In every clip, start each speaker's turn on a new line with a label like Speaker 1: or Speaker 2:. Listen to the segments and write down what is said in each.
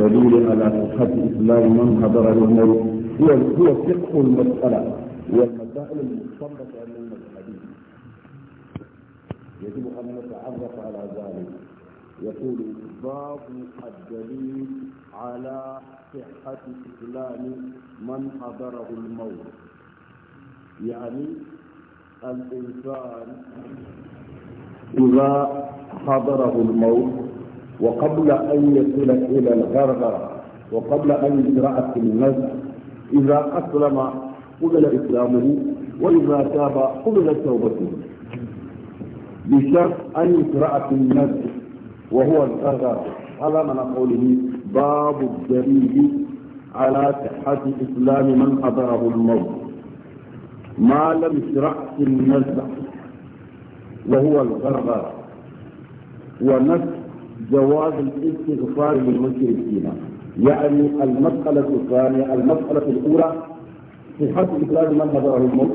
Speaker 1: والدليل على صحة إسلام من حضر الموت هو هو فقه المسألة والمسائل المستنبطة من الحديث يجب أن نتعرف على ذلك يقول باب الدليل على صحة إسلام من حضره الموت يعني الإنسان إذا حضره الموت وقبل أن يصل إلى الغرغرة وقبل أن يقرأ في النزع إذا أسلم قبل إسلامه وإذا تاب قبل توبته بشرط أن يقرأ في النزع وهو الغرغرة هذا من قوله باب الدليل على صحة إسلام من حضره الموت ما لم يشرع في النزع وهو الغرغرة ونفس جواز الاستغفار للمشركين يعني المسألة الثانية المسألة الأولى صحة إخراج من هدره الموت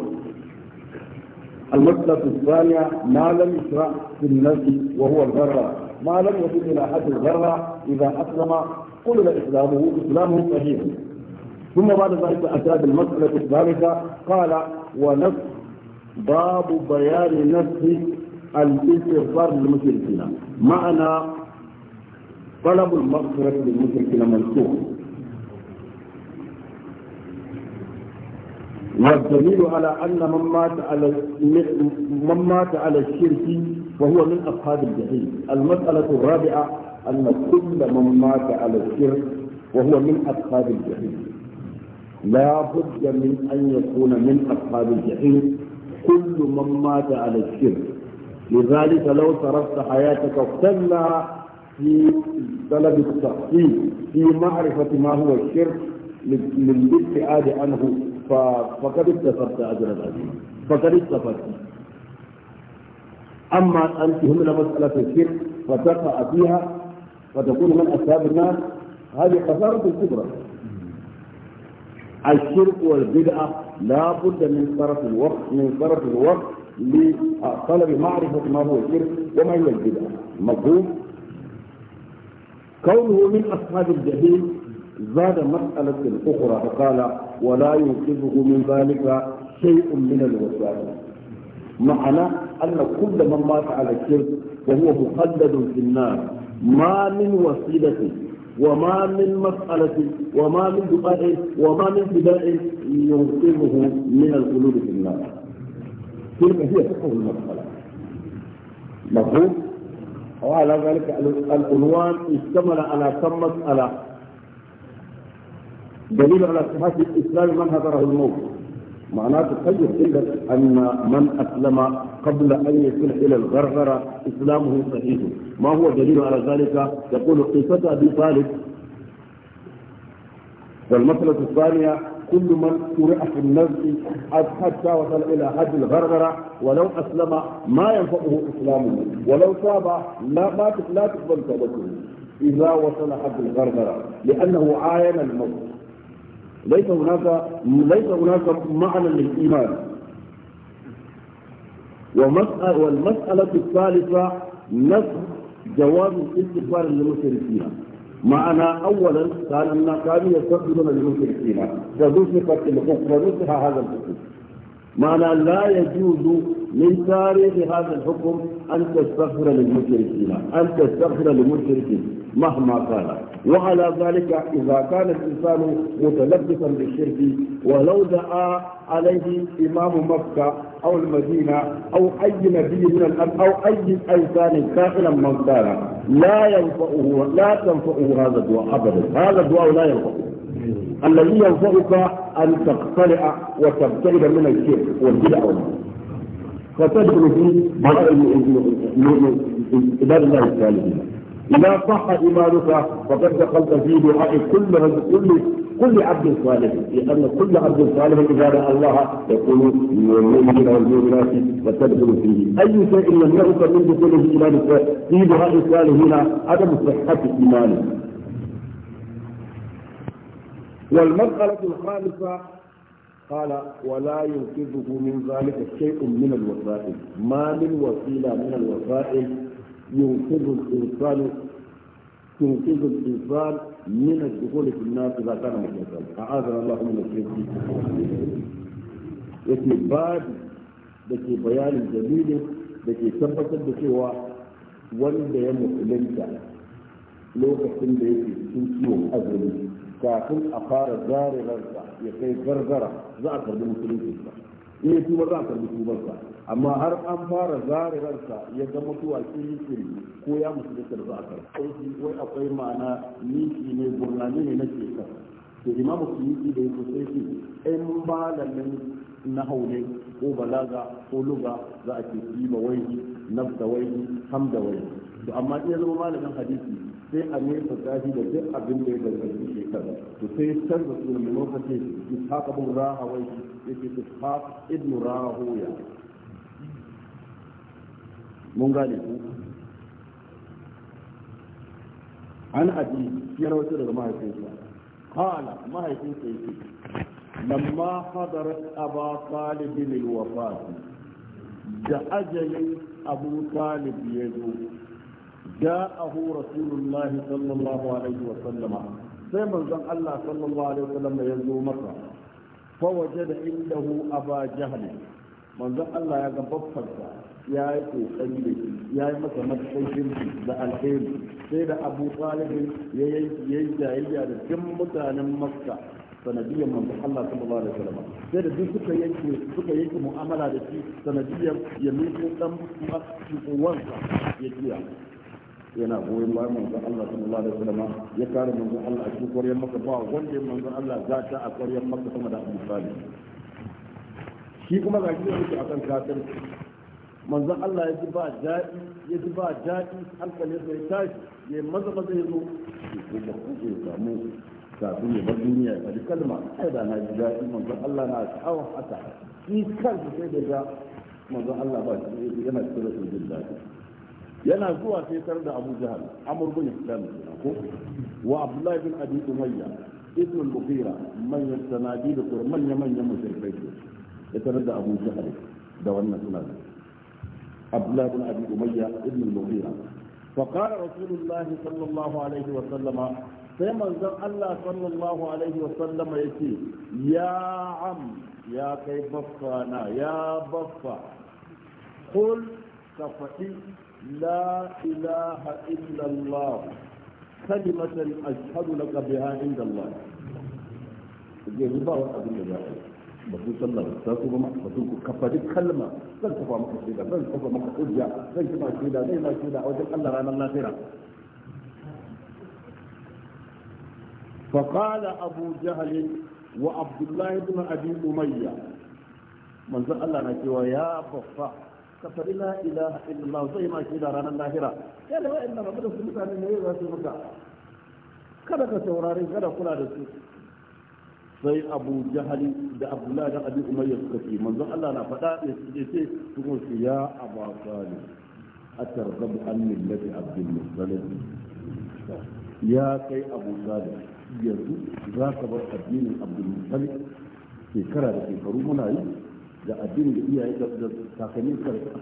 Speaker 1: المسألة الثانية ما لم يشرع في النفس وهو الغرة ما لم يصل إلى حد الغرة إذا أسلم قل إسلامه إسلامه صحيح ثم بعد ذلك أتى بالمسألة الثالثة قال ونفس باب بيان نفس الاستغفار للمشركين معنى طلب المغفرة للمشركين منسوخ والدليل على أن من مات على من مات على الشرك فهو من أصحاب الجحيم المسألة الرابعة أن كل من مات على الشرك وهو من أصحاب الجحيم لا بد من أن يكون من أصحاب الجحيم كل من مات على الشرك لذلك لو صرفت حياتك كلها في طلب التحقيق في معرفة ما هو الشرك للابتعاد عنه فقد اكتسبت أجر العظيم فقد اتفقت أما أن تهمل مسألة الشرك فتقع فيها فتكون من أسباب الناس هذه خسارة كبرى الشرك والبدعة لا بد من طرف الوقت من طرف الوقت لطلب معرفة ما هو الشرك وما هي البدعة مفهوم كونه من أصحاب الجحيم زاد مسألة أخرى فقال ولا ينقذه من ذلك شيء من الوسائل معنى أن كل من مات على الشرك وهو مخلد في النار ما من وسيلة وما من مسألة وما من دعاء وما من فداء ينقذه من الخلود في النار تلك هي فقه المسألة مفهوم؟ وعلى ذلك العنوان اشتمل على كم مسألة دليل على صحة الإسلام من هدره الموت معناته تخيل عندك أن من أسلم قبل أن يصل إلى الغرغرة إسلامه صحيح ما هو دليل على ذلك يقول قصة أبي طالب والمسألة الثانية كل من قرئ في النزع حتى وصل إلى حد الغرغرة ولو أسلم ما ينفعه إسلامه ولو تاب لا لا تقبل توبته إذا وصل حد الغرغرة لأنه عاين الموت ليس هناك ليس هناك معنى للإيمان ومسألة والمسألة الثالثة نفس جواز الاستغفار للمشركين معنى أولا كان الناس كانوا يستقبلون المشركين فنسخت هذا الحكم معنى لا يجوز من تاريخ هذا الحكم أن تستغفر للمشركين أن تستغفر للمشركين مهما كان وعلى ذلك إذا كان الإنسان متلبسا بالشرك ولو دعا عليه إمام مكة أو المدينة أو أي نبي من الأرض أو أي إنسان كائنا من كان لا ينفعه لا تنفعه هذا الدعاء أبدا هذا الدعاء لا ينفعه الذي ينفعك أن تقتلع وتبتعد من الشرك والبدع والمعصية فتدخل في عباد الله الثالثين إذا صح إيمانك فقد دخلت في دعاء كل كل كل عبد صالح لأن كل عبد صالح إذا رأى الله يكون مؤمنا والمؤمنات وتدخل فيه أي شيء يمنعك من دخوله إيمانك في دعاء الصالحين عدم صحة إيمانه والمرحلة الخامسة قال ولا ينقذه من ذلك wasila من الوسائل ما من وسيلة من الوسائل ينقذ الإنسان تنقذ الإنسان من الدخول في النار إذا كان مكتسبا أعاذنا الله من الشرك yake babu da ke bayanin dalilin da ke tabbatar da cewa wanda ya musulunta lokacin da yake cikin ciwon azumi kafin a fara zare ya kai gargara za a karbi musulunci ba in ya tuba za a karbi ba amma har an fara zare ransa ya ga mutuwa kiri kiri ko ya musulunci da za a karbi wai akwai ma'ana nishi ne gurnani ne na ke shekar to imamu yi da ya sai shi in ba malamin na haune ko balaga ko luga za a ke kima wai nafta wai hamda wai to amma in ya zama malamin hadisi sai a ne fasahi da duk abin da ya danganci shekara to sai da sunan mai lokaci haka bin rahawai su haka ibn rahoya mun gane ku an abi ya rawaito daga mahaifinsa Kala mahaifinsa ce. lamma hadarat aba talib lil wafat da ajalin abu talib ya zo جاءه رسول الله صلى الله عليه وسلم sai manzon Allah sallallahu alaihi wasallam ya zo masa fa wajada indahu aba jahl manzon Allah ya ga baffarsa ya yi kokari da ya yi masa matsayin da alheri sai da Abu Talib ya yi da mutanen sanadiyar manzon Allah sallallahu alaihi wasallam sai da duk suka yanke suka yanke mu'amala da shi sanadiyar ya miƙo dan uwansa ya jiya yana goyon bayan manzo Allah sallallahu alaihi wasallam ya kare manzo Allah a cikin koriyar maka ba wanda manzo Allah za ta a koriyar maka sama da Abu Talib shi kuma ga shi yake akan kafir manzo Allah ya ji ba daɗi ya ji ba daɗi hankalin sai tashi ya maza maza ya zo ko ba ku ce samu kafin ya bar duniya ya ji kalma ai da na ji daɗi manzo Allah na tsawon haka shi kansa sai da ga manzo Allah ba yana cikin rashin jin daɗi yana zuwa sai tar da Abu Jahal Amr bin Hisham ko wa Abdullah bin Abi Umayya ibn al-Mughira man yastanadi da Qur'an ya manyan mushrikai ya tar da Abu jihar da wannan suna Abdullah bin Abi Umayya ibn al-Mughira فقال رسول الله صلى الله عليه وسلم sai manzon Allah sallallahu alaihi wa sallama yace ya am ya kai baffa na ya baffa qul ka faɗi لا إله إلا الله كلمة أشهد لك بها عند الله جيه بارو أبن الله بسو صلى الله عليه وسلم بسو كفا جد خلما لن تفا مكسيدا لن تفا مكسيدا لن تفا مكسيدا لن تفا مكسيدا وجد الله رانا الله سيرا فقال أبو جهل وعبد الله بن أبي أمية من ذا الله يا ويا ka faɗi la ilaha illallah zai ma shi da ranar lahira ya da wa'in da mafi su mutane ne za su muka kada ka saurari kada kula da su sai abu jahali da abdullahi da abi umayya suka ce manzon Allah na faɗa ne su je ce su kun su ya aba atar rabu an millati abdul muzalim ya kai abu salih yanzu za ka bar addinin abdul muttalib shekara da shekaru muna yi da addinin da iyaye da kakanni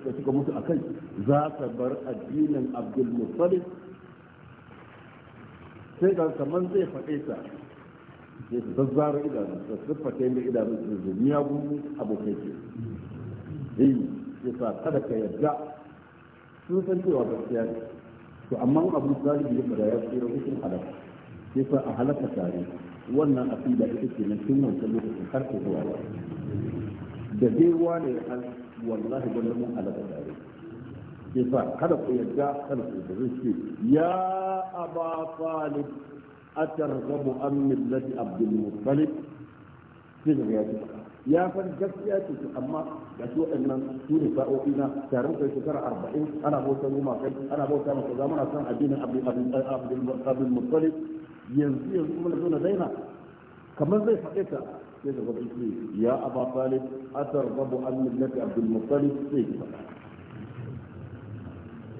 Speaker 1: suka suka mutu a kai za ka bar addinin Abdul mutalib sai ga kaman zai faɗe ta sai su zazzara idanu su siffata yadda idanu su zumiya gudu abokai ke yi ya sa kada ka yadda sun san cewa gaskiya ne to amma abu zalibi ya fara ya tsira hukun halaka ya sa a halaka tare wannan asida ita ke na tun wancan lokacin har ke zuwa da dai wane ya an wallahi gwamnati mun alaka tare ke sa kada ku yarda kada ku zai ya aba talib atarghabu an millati abdul muttalib sai da ya ce ya san gaskiya ce amma da su waɗannan su ne sa'o'i na taron kai shekara arba'in ana bauta goma kai ana bauta masa za muna san addinin abdul muttalib yanzu yanzu na zo na daina kamar zai faɗe ta يا ابا طالب ce ya aba talib atar rabu an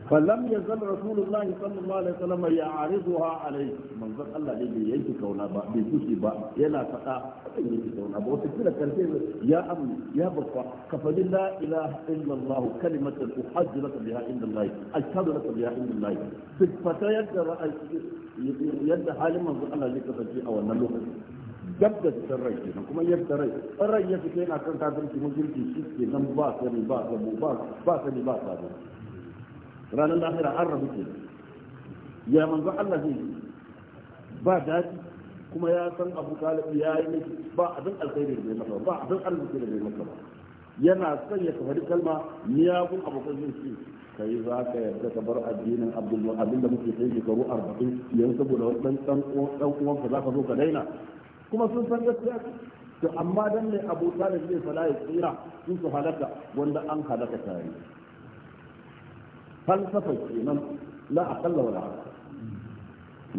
Speaker 1: فلم يزل رسول الله صلى الله عليه وسلم يعرضها عليه من ذا الله دي بي ينكي كونا با بي با يلا فقا ينكي كونا با وتكتلا كرتين يا أمي يا بقى كفل لا إله إلا الله كلمة أحج لك بها عند الله أشهد لك بها عند الله فتيد رأي يد حالي من ذا الله لك فتي أو نلوك dab da rai kenan kuma ya rai in rai ya fita yana kan kafirci mutunci shi ke nan ba sani ba sabu ba sani ba sabo ranar lahira an rabu ke ya manzo Allah zai ba dadi kuma ya san abu talib ya yi miki ba abin alkhairi da bai masa ba abin arziki da bai masa ba yana son ya kafari kalma miyagun abokan zai ce kai za ka yarda ka bar addinin abdul abin da muke kai shekaru arba'in yanzu saboda wani dan ɗan uwanka za ka zo ka daina kuma sun san gaskiya to amma dan ne Abu Talib zai fara ya tsira sun su halaka wanda an halaka tare falsafa kenan la aqalla wala aqalla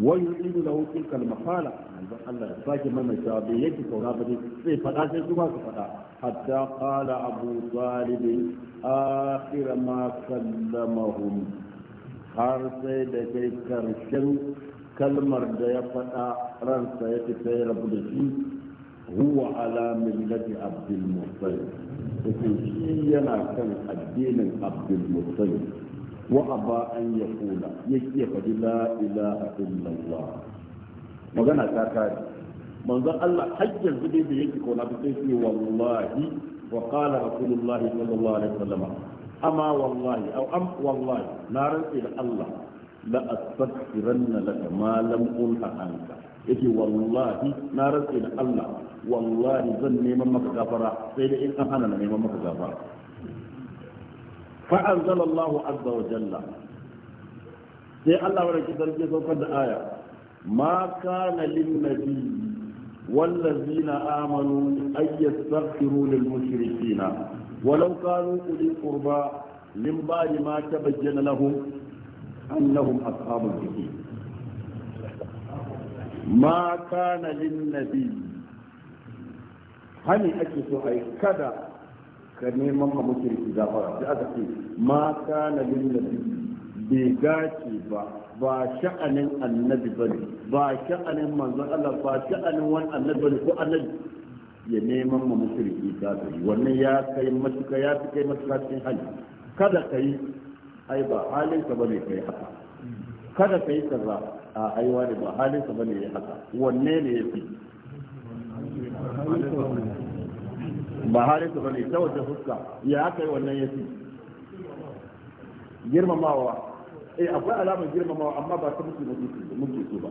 Speaker 1: wa yu'idu lahu tilka al-maqala manzon Allah ya saki mana jawabi yake saura ba sai fada sai kuma su fada hatta qala Abu Talib akhir ma sallamahum har sai da kai karshen kalmar da ya fada ransa ya fita ya rabu da shi huwa ala millati abdul muttalib shi yana kan addinin abdul muttalib wa aba an yaqula yake faɗi la ilaha illallah magana ta kare manzon Allah hajjar zube da yake kona ta sai ce wallahi wa qala rasulullahi sallallahu alaihi wasallam amma wallahi aw am wallahi na rantsi da Allah la astaghfiranna laka ma lam qulha anka yake wallahi na rantse da Allah wallahi zan neman maka gafara sai da in an hana na neman maka gafara fa anzala Allahu azza wa jalla sai Allah wa rake sarki saukar da aya ma kana lin nabi والذين آمنوا أن يستغفروا للمشركين ولو كانوا أولي القربى من بعد ما تبين لهم أنهم أصحاب الجحيم ma kana lin nabi hani ake so ai kada ka neman ma mushriki gafara sai aka ce ma kana lin nabi bai gace ba ba sha'anin annabi bane ba sha'anin manzon Allah ba sha'anin wani annabi bane ko annabi ya neman ma mushriki gafari wannan ya kai matuka ya fi kai matuka cikin hali kada ka yi ai ba halin ka bane kai haka kada ka yi kaza a aiwa ne ba halin ba ne ya haka wanne ne ya fi ba halinsa ba ne, ta wace fuska ya haka yi wannan ya fi girmamawa eh akwai alamar girmamawa amma ba ta mutu mutu so ba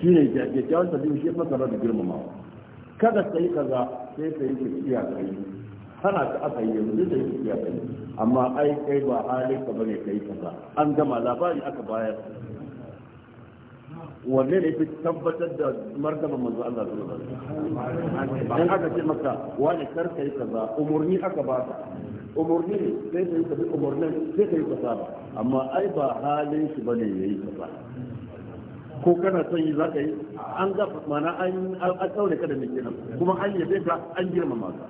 Speaker 1: shi ne kyakkyawan sabbin shi fasa ba da girmamawa kada sai kaza sai sai ka iya yi hana ka aka yi yanzu da yake ya kai amma ai kai ba halin ka bane kai kaza an gama labari aka bayar wanne ne fi tabbatar da martaban manzo Allah sallallahu alaihi wasallam aka ce maka wani kar kai kaza umurni aka ba baka umurni ne sai kai ka bi umurnin sai kai kaza amma ai ba halin shi bane yayi kaza ko kana son yi za ka yi an ga mana an tsaure ka da mai kenan kuma an yabe ka an girmama ka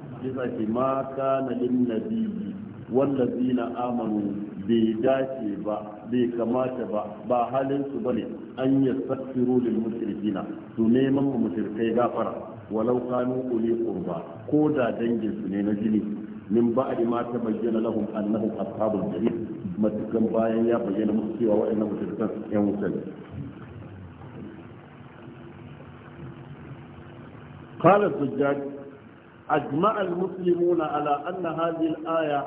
Speaker 1: ce ma kana lin nabiyyi wallazina amanu bai dace ba bai kamata ba ba halin su bane an yastaghfiru lil mushrikina su neman mu mushrikai gafara walau kanu uli qurba ko da dangin su ne na jini min ba'di ma tabayyana lahum annahum ashabul jahim matukan bayan ya bayyana musu cewa wa'annan mushrikan yan wuce قال الزجاج أجمع المسلمون على أن هذه الآية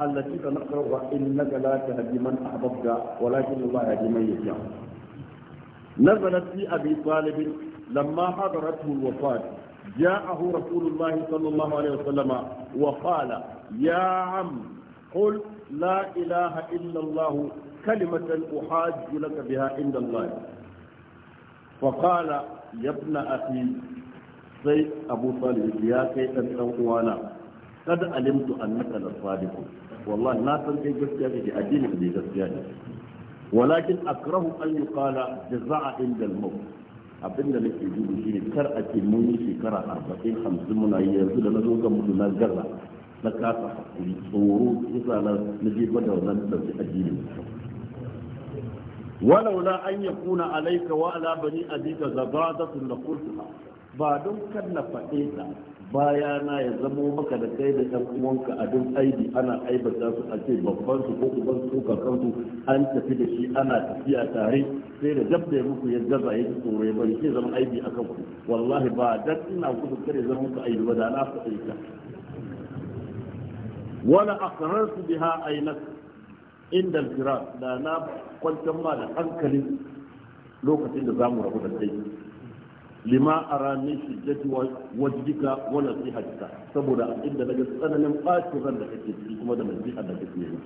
Speaker 1: التي سنقرأها إنك لا تهدي من أحببت ولكن الله يهدي من يشاء نزلت في أبي طالب لما حضرته الوفاة جاءه رسول الله صلى الله عليه وسلم وقال يا عم قل لا إله إلا الله كلمة أحاج لك بها عند الله فقال يا ابن أخي sai abu talib ya kai dan dan uwana kada alimtu annaka lasadiq wallahi na san kai gaskiya kake addini ne gaskiya ne walakin akrahu an yuqala jazaa inda al-maut abinda nake dubu shine kar a ce mun yi shekara 40 hamsin muna yi yanzu da nazo kan mutu na garra na kasa hakuri tsoro yasa na naje gwada wannan dauki addini ولولا أن يكون عليك وعلى بني أبيك زبادة لقلتها ba don kallafa ɗeta bayana ya zamo maka da kai da ɗan uwanka a duk aibi ana aibata su a ce babban su ko uban su kakansu an tafi da shi ana tafiya tare sai da dabda ya muku ya gaza ya ji tsoro ya bari sai zama aibi a kanku wallahi ba dan ina kudu kare zama muku aibi ba da na faɗa ita wala su biha aynak inda jira da na kwantar ma da hankali lokacin da za mu rabu da kai lima ara min shiddati wajhika wa nasihatika saboda inda daga tsananin bacin ran da kake ciki kuma da nasiha da kake yi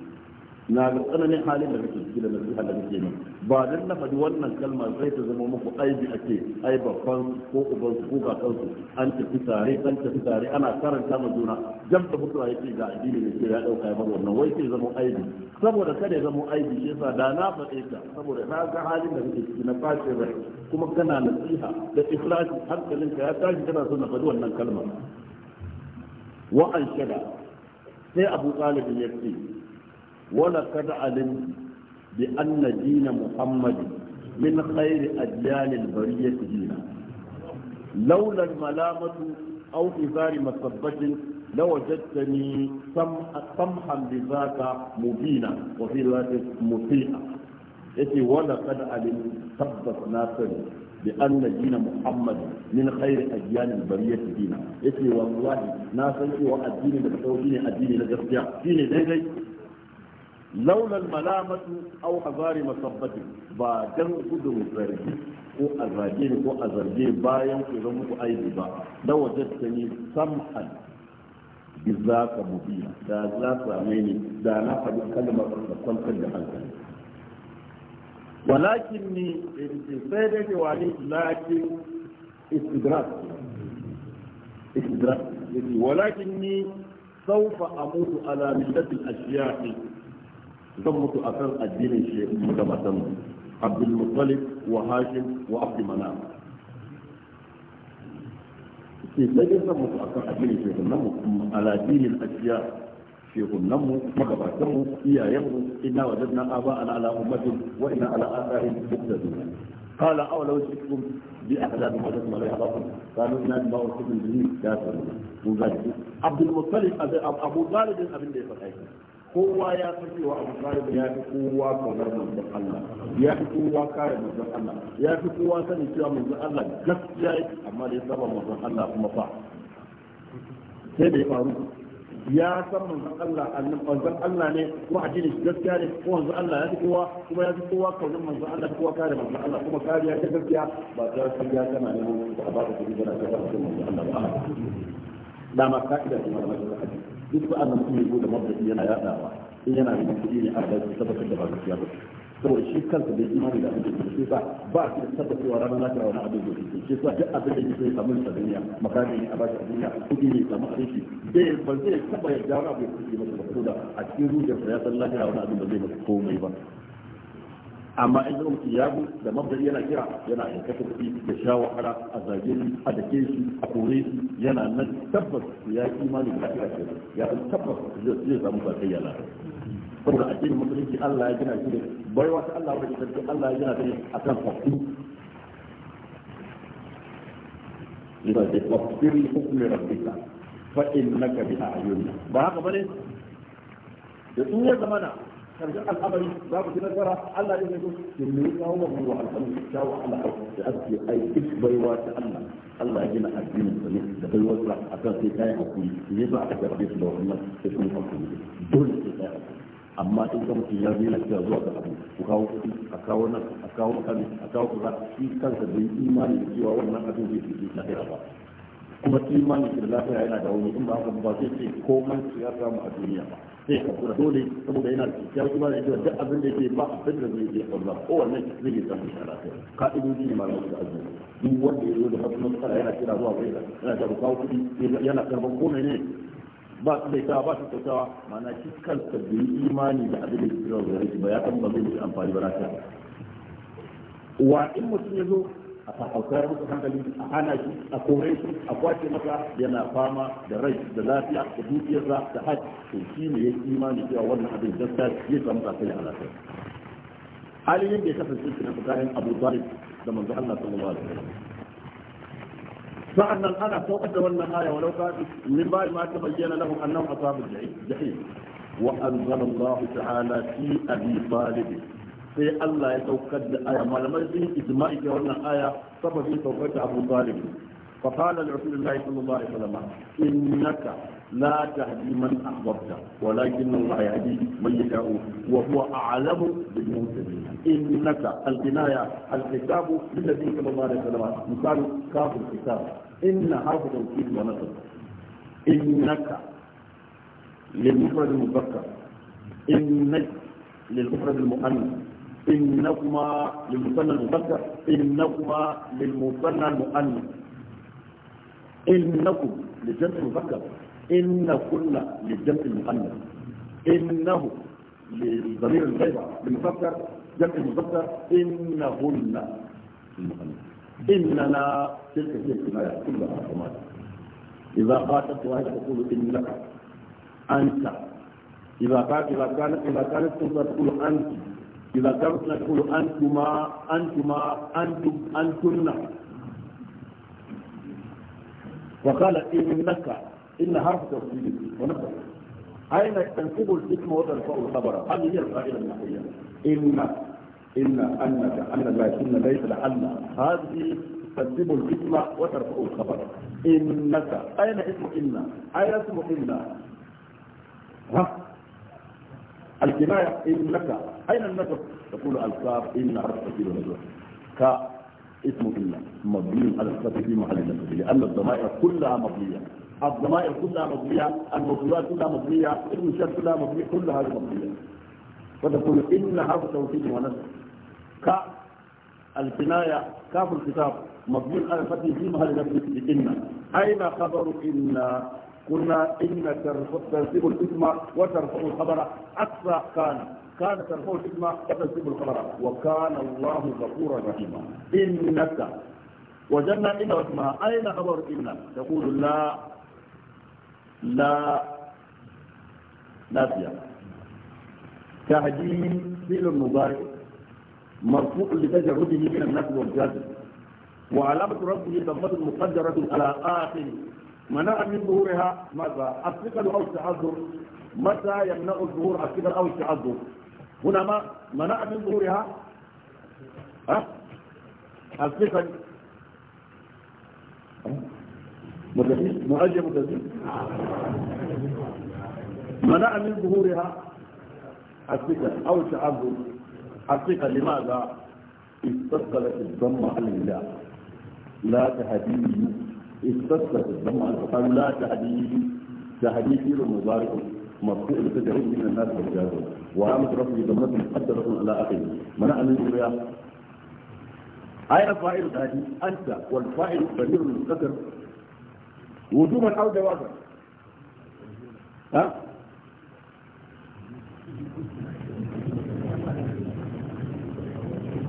Speaker 1: na ga tsananin halin da kake ciki da nasiha da kake nan ba dan na faɗi wannan kalma sai ta zama muku aibi ake ai babban ko uban ko an tafi tare an tafi tare ana karanta ma juna jam da mutuwa yake ga addini ne ke ya dauka ya wannan wai sai zama aibi saboda kada ya zama aibi shi yasa da na faɗe ka saboda na ga halin da kake ciki na face rai kuma kana nasiha da ikhlasi hankalinka ya tashi kana son na faɗi wannan kalma wa an sai abu talibin ya ce ولقد علمت بأن دين محمد من خير أديان البرية دينا لولا الملامة أو إثار مسبة لوجدتني سمحا بذاك مبينا وفي ذلك مسيئا يتي ولقد علمت ثبت ناصر بأن دين محمد من خير أديان البرية دينا يتي والله ناصر وأديني لك دين أديني لك دين laula malamatu aw hazari masabbati ba dan gudun zargi ko a zage ni ko a zarge bayan ku zama muku aibi ba da wajadta ni sam'an biza ka mubina da za ka same ni da na faɗi kalmar da kwantar da hankali walakin ni sai dai wani lakin istidrak استدراك ولكني سوف أموت على ملة الأشياء صمت أثر الدين الشيخ مدبتا عبد المطلب وهاشم وعبد مناف سيسجل صمت أثر الدين الشيخ النمو على دين الأشياء شيخ النمو مدبتاً إيا يمرو إنا وجدنا آباءنا على أمة وإنا على آثارهم مقتدون قال أولو شكم بأحداد مدبتنا عليها بطن قالوا إنا ما أرسل من دين كافر عبد المطلب أبو طالب أبن ديفر kowa ya san cewa abu talib ya fi kowa kaunar manzon Allah ya fi kowa kare manzon Allah ya fi kowa sanin cewa manzon Allah gaskiya yake amma da ya saba manzon Allah kuma fa sai da ya faru ya san manzon Allah annan manzon Allah ne a jini gaskiya ne ko manzon Allah ya fi kowa kuma ya fi kowa kaunar manzon Allah kowa kare manzon Allah kuma kariya ta gaskiya ba ta san ya kana ne ba ta kudi da ta manzon Allah ba dama ka ida da manzon duk sa'an nan mutum ya da mabda'i yana yadawa in yana da kudi ne Allah da tabbatar da ba gaskiya ba saboda shi kansa da imani da abin da shi sa ba shi da tabbatarwa ranar lafiya wani abin da shi shi sa duk abin da yake samu sa duniya makami ne a bashi a duniya kudi ne samu abin shi bai ba zai taba yarda wani abin da yake ba saboda a cikin zuciyarsa ya san lafiya wani abin da zai masa komai ba amma in yau iyagu da mabdari yana kira yana aikata kuɗi da shawara a zage shi a dake shi a kore shi yana nan tabbas ya yi imanin da ake ya tabbas zai samu sakayya na saboda addinin musulunci Allah ya gina shi da baiwa ta Allah wadda sarki Allah ya gina ta ne a kan fasu ina da fasiri hukumin rabbika fa innaka bi a'yunina ba haka bane da sun ya zamana karshen al'amari za ku ci nasara Allah ne zo ki ne kawo wa ruwa al'amari ta wa Allah da ake ai duk baiwa ta Allah Allah ya gina addinin sa ne da baiwa sa akan sai kai hakuri ne ba aka garbe su da wannan sai kun hakuri dole sai kai hakuri amma in ka mutum ya zai lafiya zuwa ga abu ku kawo kuɗi a kawo nan a kawo kan a kawo kuɗa shi kansa bai imani da cewa wannan abin zai fi lafiya ba kuma imanin da lafiya yana da wani in ba haka ba zai ce komai su ya samu a duniya ba sai ka kura dole saboda yana da ya kuma da yawa duk abin da ke ba a fitar da zai iya ko wannan zai iya samu shi lafiya ka'idoji ne malamin da azumi duk wanda ya zo da wasu matsala yana kira zuwa bai yana da rufa kuɗi yana karɓar komai ne ba su da ba su kyautawa ma'ana shi kansa bai imani da abin da kira zuwa ba ya san ba zai yi amfani ba na lafiya wa in mutum ya zo a haukar musu hankali a hana shi a kore shi a kwace masa yana fama da rai da lafiya da dukiyarsa da hajji to shi ne ya imani cewa wannan abin gaskiya ya samu kafin halaka halin yadda ya kasance cikin na tsakanin abu talib da manzo Allah sallallahu alaihi wasallam nan ana saukar da wannan aya walau ka min ba'i ma ta bayyana lahum annahum ashabul jahim wa anzala Allah ta'ala fi abi talib sai Allah ya saukar da aya malamai sun yi ijma'i ga wannan aya sababin saukar da Abu Talib fa qala rasulullahi sallallahu alaihi wasallam innaka لا تهدي من أحببت ولكن الله يهدي من يشاء وهو أعلم بالمهتدين إنك البناية الكتاب للنبي صلى الله عليه وسلم مثال كاف الكتاب إن حافظ الكتاب ونصر إنك للمفرد المذكر إنك للمفرد المؤنث إنهما للمثنى المذكر إنهما للمثنى المؤنث إنكم للجمع المذكر إن كنا للجمع المؤنث إنه لضمير الغيبة للمذكر جمع المذكر إنهن المؤنث إننا تلك هي الكناية كلها حكمات إذا قاتلت واحد تقول إنك أنت إذا كانت إذا كانت إذا كانت تقول أنت إذا كنت نقول أنتما أنتما أنتم أنتن وقال إنك إن حرف تفصيل ونفسه أين تنسب الاسم وترفع الخبر هذه هي القاعدة النحوية إن إن أنك أن لكن ليس لأن هذه تنسب الاسم وترفع الخبر إنك أين اسم إن أين اسم إن ها الكناية إن لك أين النسب تقول الكاف إن حرف تكيل ونزوح كا اسم إلا مبني على الكاف في محل النسب لأن الضمائر كلها مبنية الضمائر كلها مبنية الموصولات كلها مبنية اسم الشرط كلها مبنية كلها مبنية فتقول إن حرف توكيد ونسب كا الكناية كاف الكتاب مبني على الكاف في محل النسب لإن أين خبر إن قلنا إن تنسب الاسم وترفع الخبر أقصى كان كان ترفع الاسم وتنسب الخبر وكان الله غفورا رحيما إنك وجدنا إن اسمها أين خبر إن تقول لا لا نافيا تهجيم فعل مبارك مرفوع لتجرده من النفس والجازم وعلامة ربه ضمة مقدرة على آخر منع من ظهورها ماذا الثقل أو التعذر متى يمنع الظهور الثقل أو التعذر هنا ما منع من ظهورها ها الثقل مدهين مؤجل منع من ظهورها الثقل أو التعذر الثقل لماذا استثقلت الضمة عن الله لا تهديه استثبت عن فقالوا لا تحديث في المبارك مرفوع لتجريد من الناس والجاز وعامة رفض ضمة مقدرة على أخيه منع من الرياح اي فاعل هذه أنت الكبير من المستتر وجوبا أو جوازا ها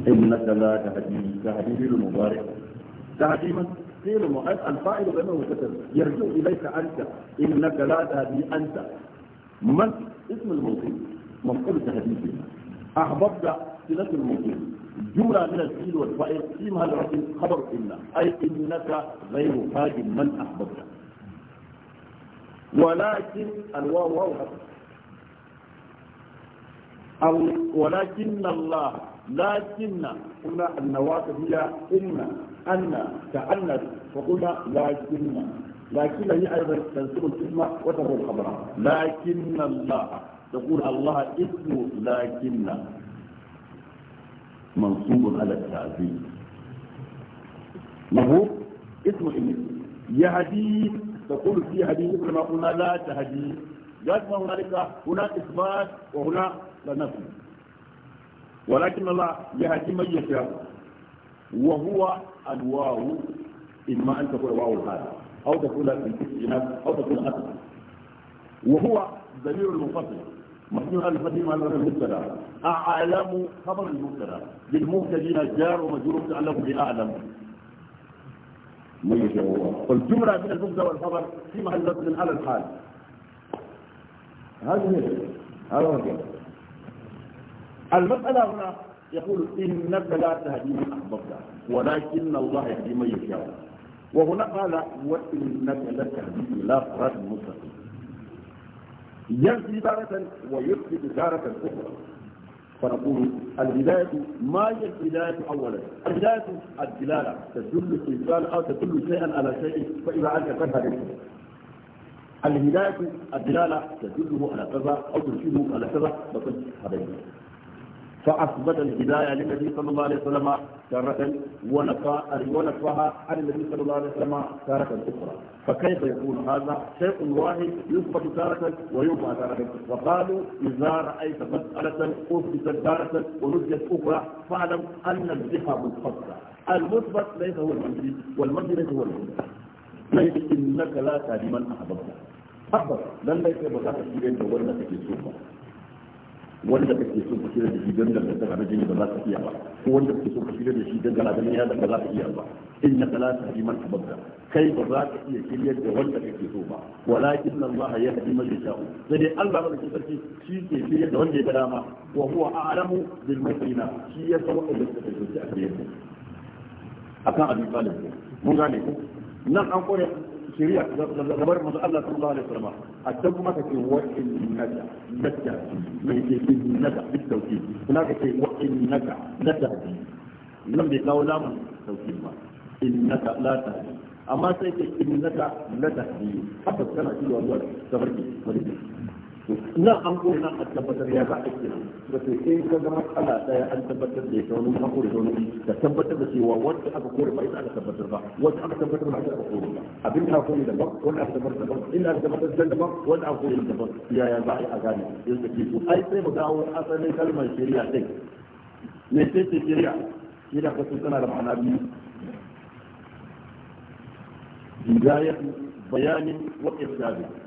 Speaker 1: إنك لا تهدي تهدي المبارك تهدي من تفسير مؤد الفائل بأنه مستتر يرجو إليك أنت إنك لا تهدي أنت من اسم الموصول مفقود التهديد أحببت سنه الموصول جملة من الفيل والفائل في محل خبر إلا أي إنك غير فاجر من أحببت ولكن الواو واو أو ولكن الله لكن قلنا النواة هي إن أن تعنت فقلنا لكن لكن هي أيضا تنسب الاسم وتنسب الخبر لكن الله تقول الله اسم لكن منصوب على التعزيز له اسم الاسم يهدي تقول في حديث مثل ما قلنا لا تهدي لازم هنالك هنا اثبات وهنا نفي ولكن الله يهدي من يشاء وهو الواو إما أن تكون واو الحال أو تكون الاستئناف أو تكون أكثر وهو ضمير المنفصل مصنوع الفتيم على المبتدا أعلم خبر المبتدا للمبتدين جار ومجرور تعلم بأعلم من يشاء الله والجملة من المبتدا والخبر في محل من على الحال هذه هذا هو المسألة هنا يقول إنك لا تهدي من أحببت ولكن الله يهدي من يشاء وهنا قال وإنك تهدي إلى صراط مستقيم يهدي تارة ويفسد تارة أخرى فنقول الهداية ما هي الهداية أولا؟ الهداية الدلالة تدل الإنسان أو تدل شيئا على شيء فإذا انت تذهب الهداية الدلالة تدله على كذا أو ترشده على كذا فقد هذا فأثبت الهداية للنبي صلى الله عليه وسلم تارة ونفاها عن النبي صلى الله عليه وسلم تارة أخرى فكيف يكون هذا شيء واحد يثبت تارة ويوضع تارة وقالوا إذا رأيت مسألة أثبتت تارة ونزلت أخرى فاعلم أن الذهب مثبتة المثبت ليس هو المنزل والمنزل ليس هو المنزل ليس إنك لا تعلم من أحببت أحببت لن ليس بذلك الشيء يتولى تكيسوه wanda kake so ka shirya da shi don da ka rajin ba za ka iya ba ko wanda kake so ka shirya da shi don da rajin ya ba za ka iya ba in na kala ta ji man ababda kai ba za ka iya shirya da wanda kake so ba walakin Allah ya hadi man yasha'u sai dai Allah ba da sarki shi ke shirya da wanda ya ga dama wa huwa a'lamu bil mutina shi ya san wanda kake so a shirya akan abin talib mun gane ko nan an kore shari'a gabar manzo Allah sallallahu alaihi wasallam addan kuma kake wa innaka nada mai ke naga bit tauki kuma kake wa naga nada nan bai kawo lamun tauki ba naga la tahdi amma sai ke innaka la tahdi haka kana cewa zuwa tabarki wani nan an kuma a tabbatar ya ba ake da sai sai ka ga matsala daya an tabbatar da ita wani an kore wani da tabbatar da cewa wanda aka kore ba ita aka tabbatar ba wanda aka tabbatar ba ita aka kore ba abin da kore da ba wanda aka tabbatar da ba illa aka tabbatar da ba wanda aka kore da ba ya ya za a gane yanzu ke ko ai sai mu dawo asalin kalmar shari'a din me sai ce shari'a shari'a ka sun tana da ma'ana biyu hidayatu bayanin wa irshadin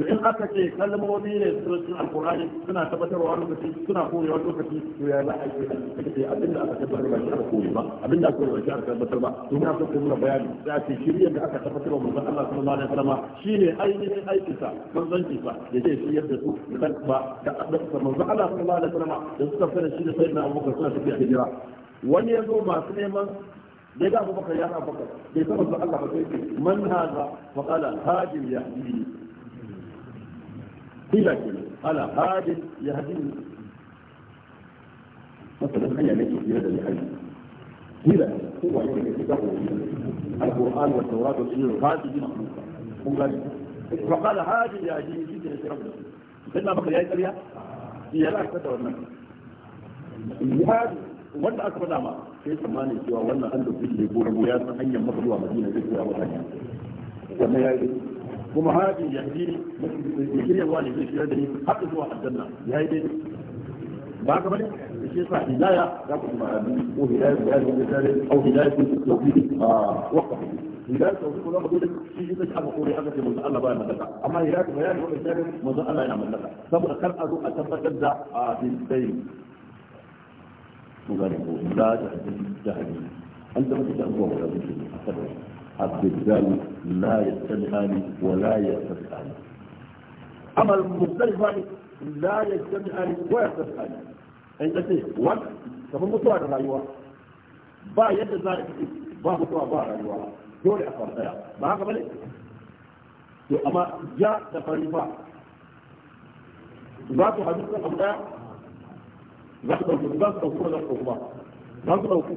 Speaker 1: to in aka ce kalmomi ne surutun alkur'ani suna tabbatarwa lokaci suna korewa lokaci to ya za a yi aka ce abinda aka tabbatar ba shi aka kore ba abinda aka kore ba shi aka tabbatar ba to ina so ku nuna bayani da ce shirye da aka tabbatar wa manzon Allah sallallahu alaihi wasallam shine ainihin aikin sa manzanci sa da zai shiyar da su da ba da manzon Allah sallallahu alaihi wasallam da suka fara shi da sayyidina Abubakar suna tafiya hijira wani ya masu neman da ya ga Abubakar ya na Abubakar bai san manzon Allah ba sai man hada fa qala hajim yahdi بلا كلمة على هاد يهديني مثلا هيا نجي في هذا الحديث بلا هو القرآن والتوراة والإنجيل هذه دي مخلوقة فقال هذه يهديني جدا يا رب سيدنا بقي يا إسرائيل هي لا أكثر والنبي wanda aka أكبر ma في tsammanin cewa wannan an da kuke gora ya san hanyar masa zuwa madina zai koya wa hanya ومهاجي يهدي يكري الوالي في الشيء حتى هو حد الناس يهدي بعد ما الشيء صح هداية أو هداية المسارين أو هداية التوحيد آه، وقف هداية التوحيد كلها مدودة في جزء شعب قولي هذا في مزألة بايا مدلقة أما هداية الميان يعني؟ هو مسارين مزألة يا مدلقة ثم أكبر أدو أتبقى جدع آه، في السيد مغاربه لا جهد جهد أنت ما تتأمره ولا تتأمره عبد الضدان لا يجتمعان ولا يتفقان أما المختلفان لا يجتمعان ويتفقان عند تقول وقت كما مطوع الرأيوة با يد ذلك با مطوع با الرأيوة دولة أفرطية ما هكذا أما جاء تقريبا ذاته حديثة أبدا ذات ذاته تقول لك ذاته ذات الضدان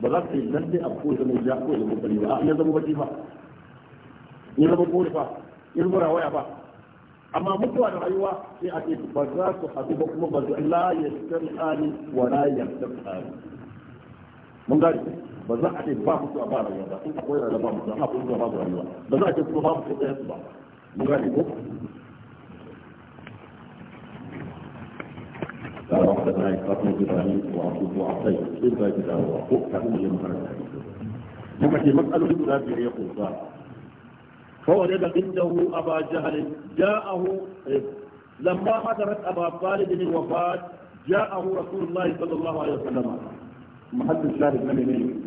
Speaker 1: ba za ka yi nan dai a ko da mai ja ko ya zama bari ya zama baki ba ya zama kori ba ya zama rawaya ba amma mutuwa da rayuwa sai a ce ba za su haɗu ba kuma ba za laye ya tsari ani wa la ya tsari mun gari ba za a ce ba mutuwa ba rayuwa ba in akwai rayuwa ba mutuwa ba mutuwa ba rayuwa ba za a ce kuma ba mutuwa ba mun gari ko قال ابراهيم الا اذا مسألة يقول قال فوجد عنده أبا جهل جاءه لما حضرت أبا طالب الوفاة جاءه رسول الله صلى الله عليه وسلم محل الشاهد من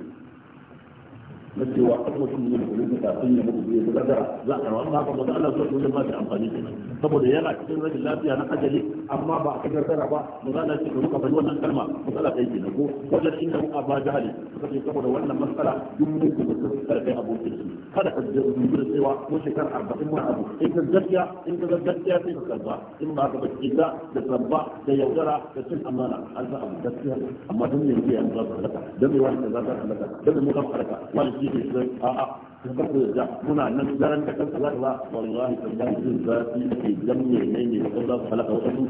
Speaker 1: nace wa kan mutum ne da ka kafin ya mutu ya zaga za a rawa haka ba Allah zai yi ba shi amfani da saboda yana cikin rashin lafiya na ajali amma ba a kadar tara ba mu za ce ka muka wannan kalma matsala kai kenan ko wajen inda muka ba jahali suka ce saboda wannan matsala duk mun ku da su karbe abokin su kada ka je rubutu cewa ko shekar 40 mun abu in ka gaskiya in ka gaskiya sai ka karba in ba ka ba kida da sabba da yaudara da cin amana an za a gaskiya amma dun ne yanzu ya zaba da dan ne wani da zaba da dan ne muka farka wani a'a in ka da muna nan daren da kanka za ka ba wallahi ke ne ne ne da za su halaka su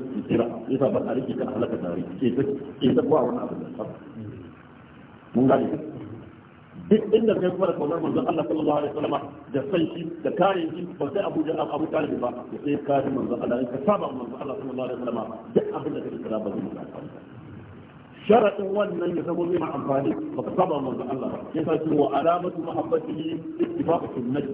Speaker 1: yasa ba a rike ka halaka tare ke ta ke ta ba wannan abin da mun gane duk inda kai kuma da kaunar manzon Allah sallallahu alaihi wasallam da san shi da kare shi ba sai Abu Jahl Abu Talib ba sai kare manzon Allah ka saba manzon Allah sallallahu alaihi wasallam duk abin da kake kira ba zai sharaɗin wannan ya zama zai amfani ba ka saba manzo Allah ya sa cewa alamatu mahabbati ittifaq sunnati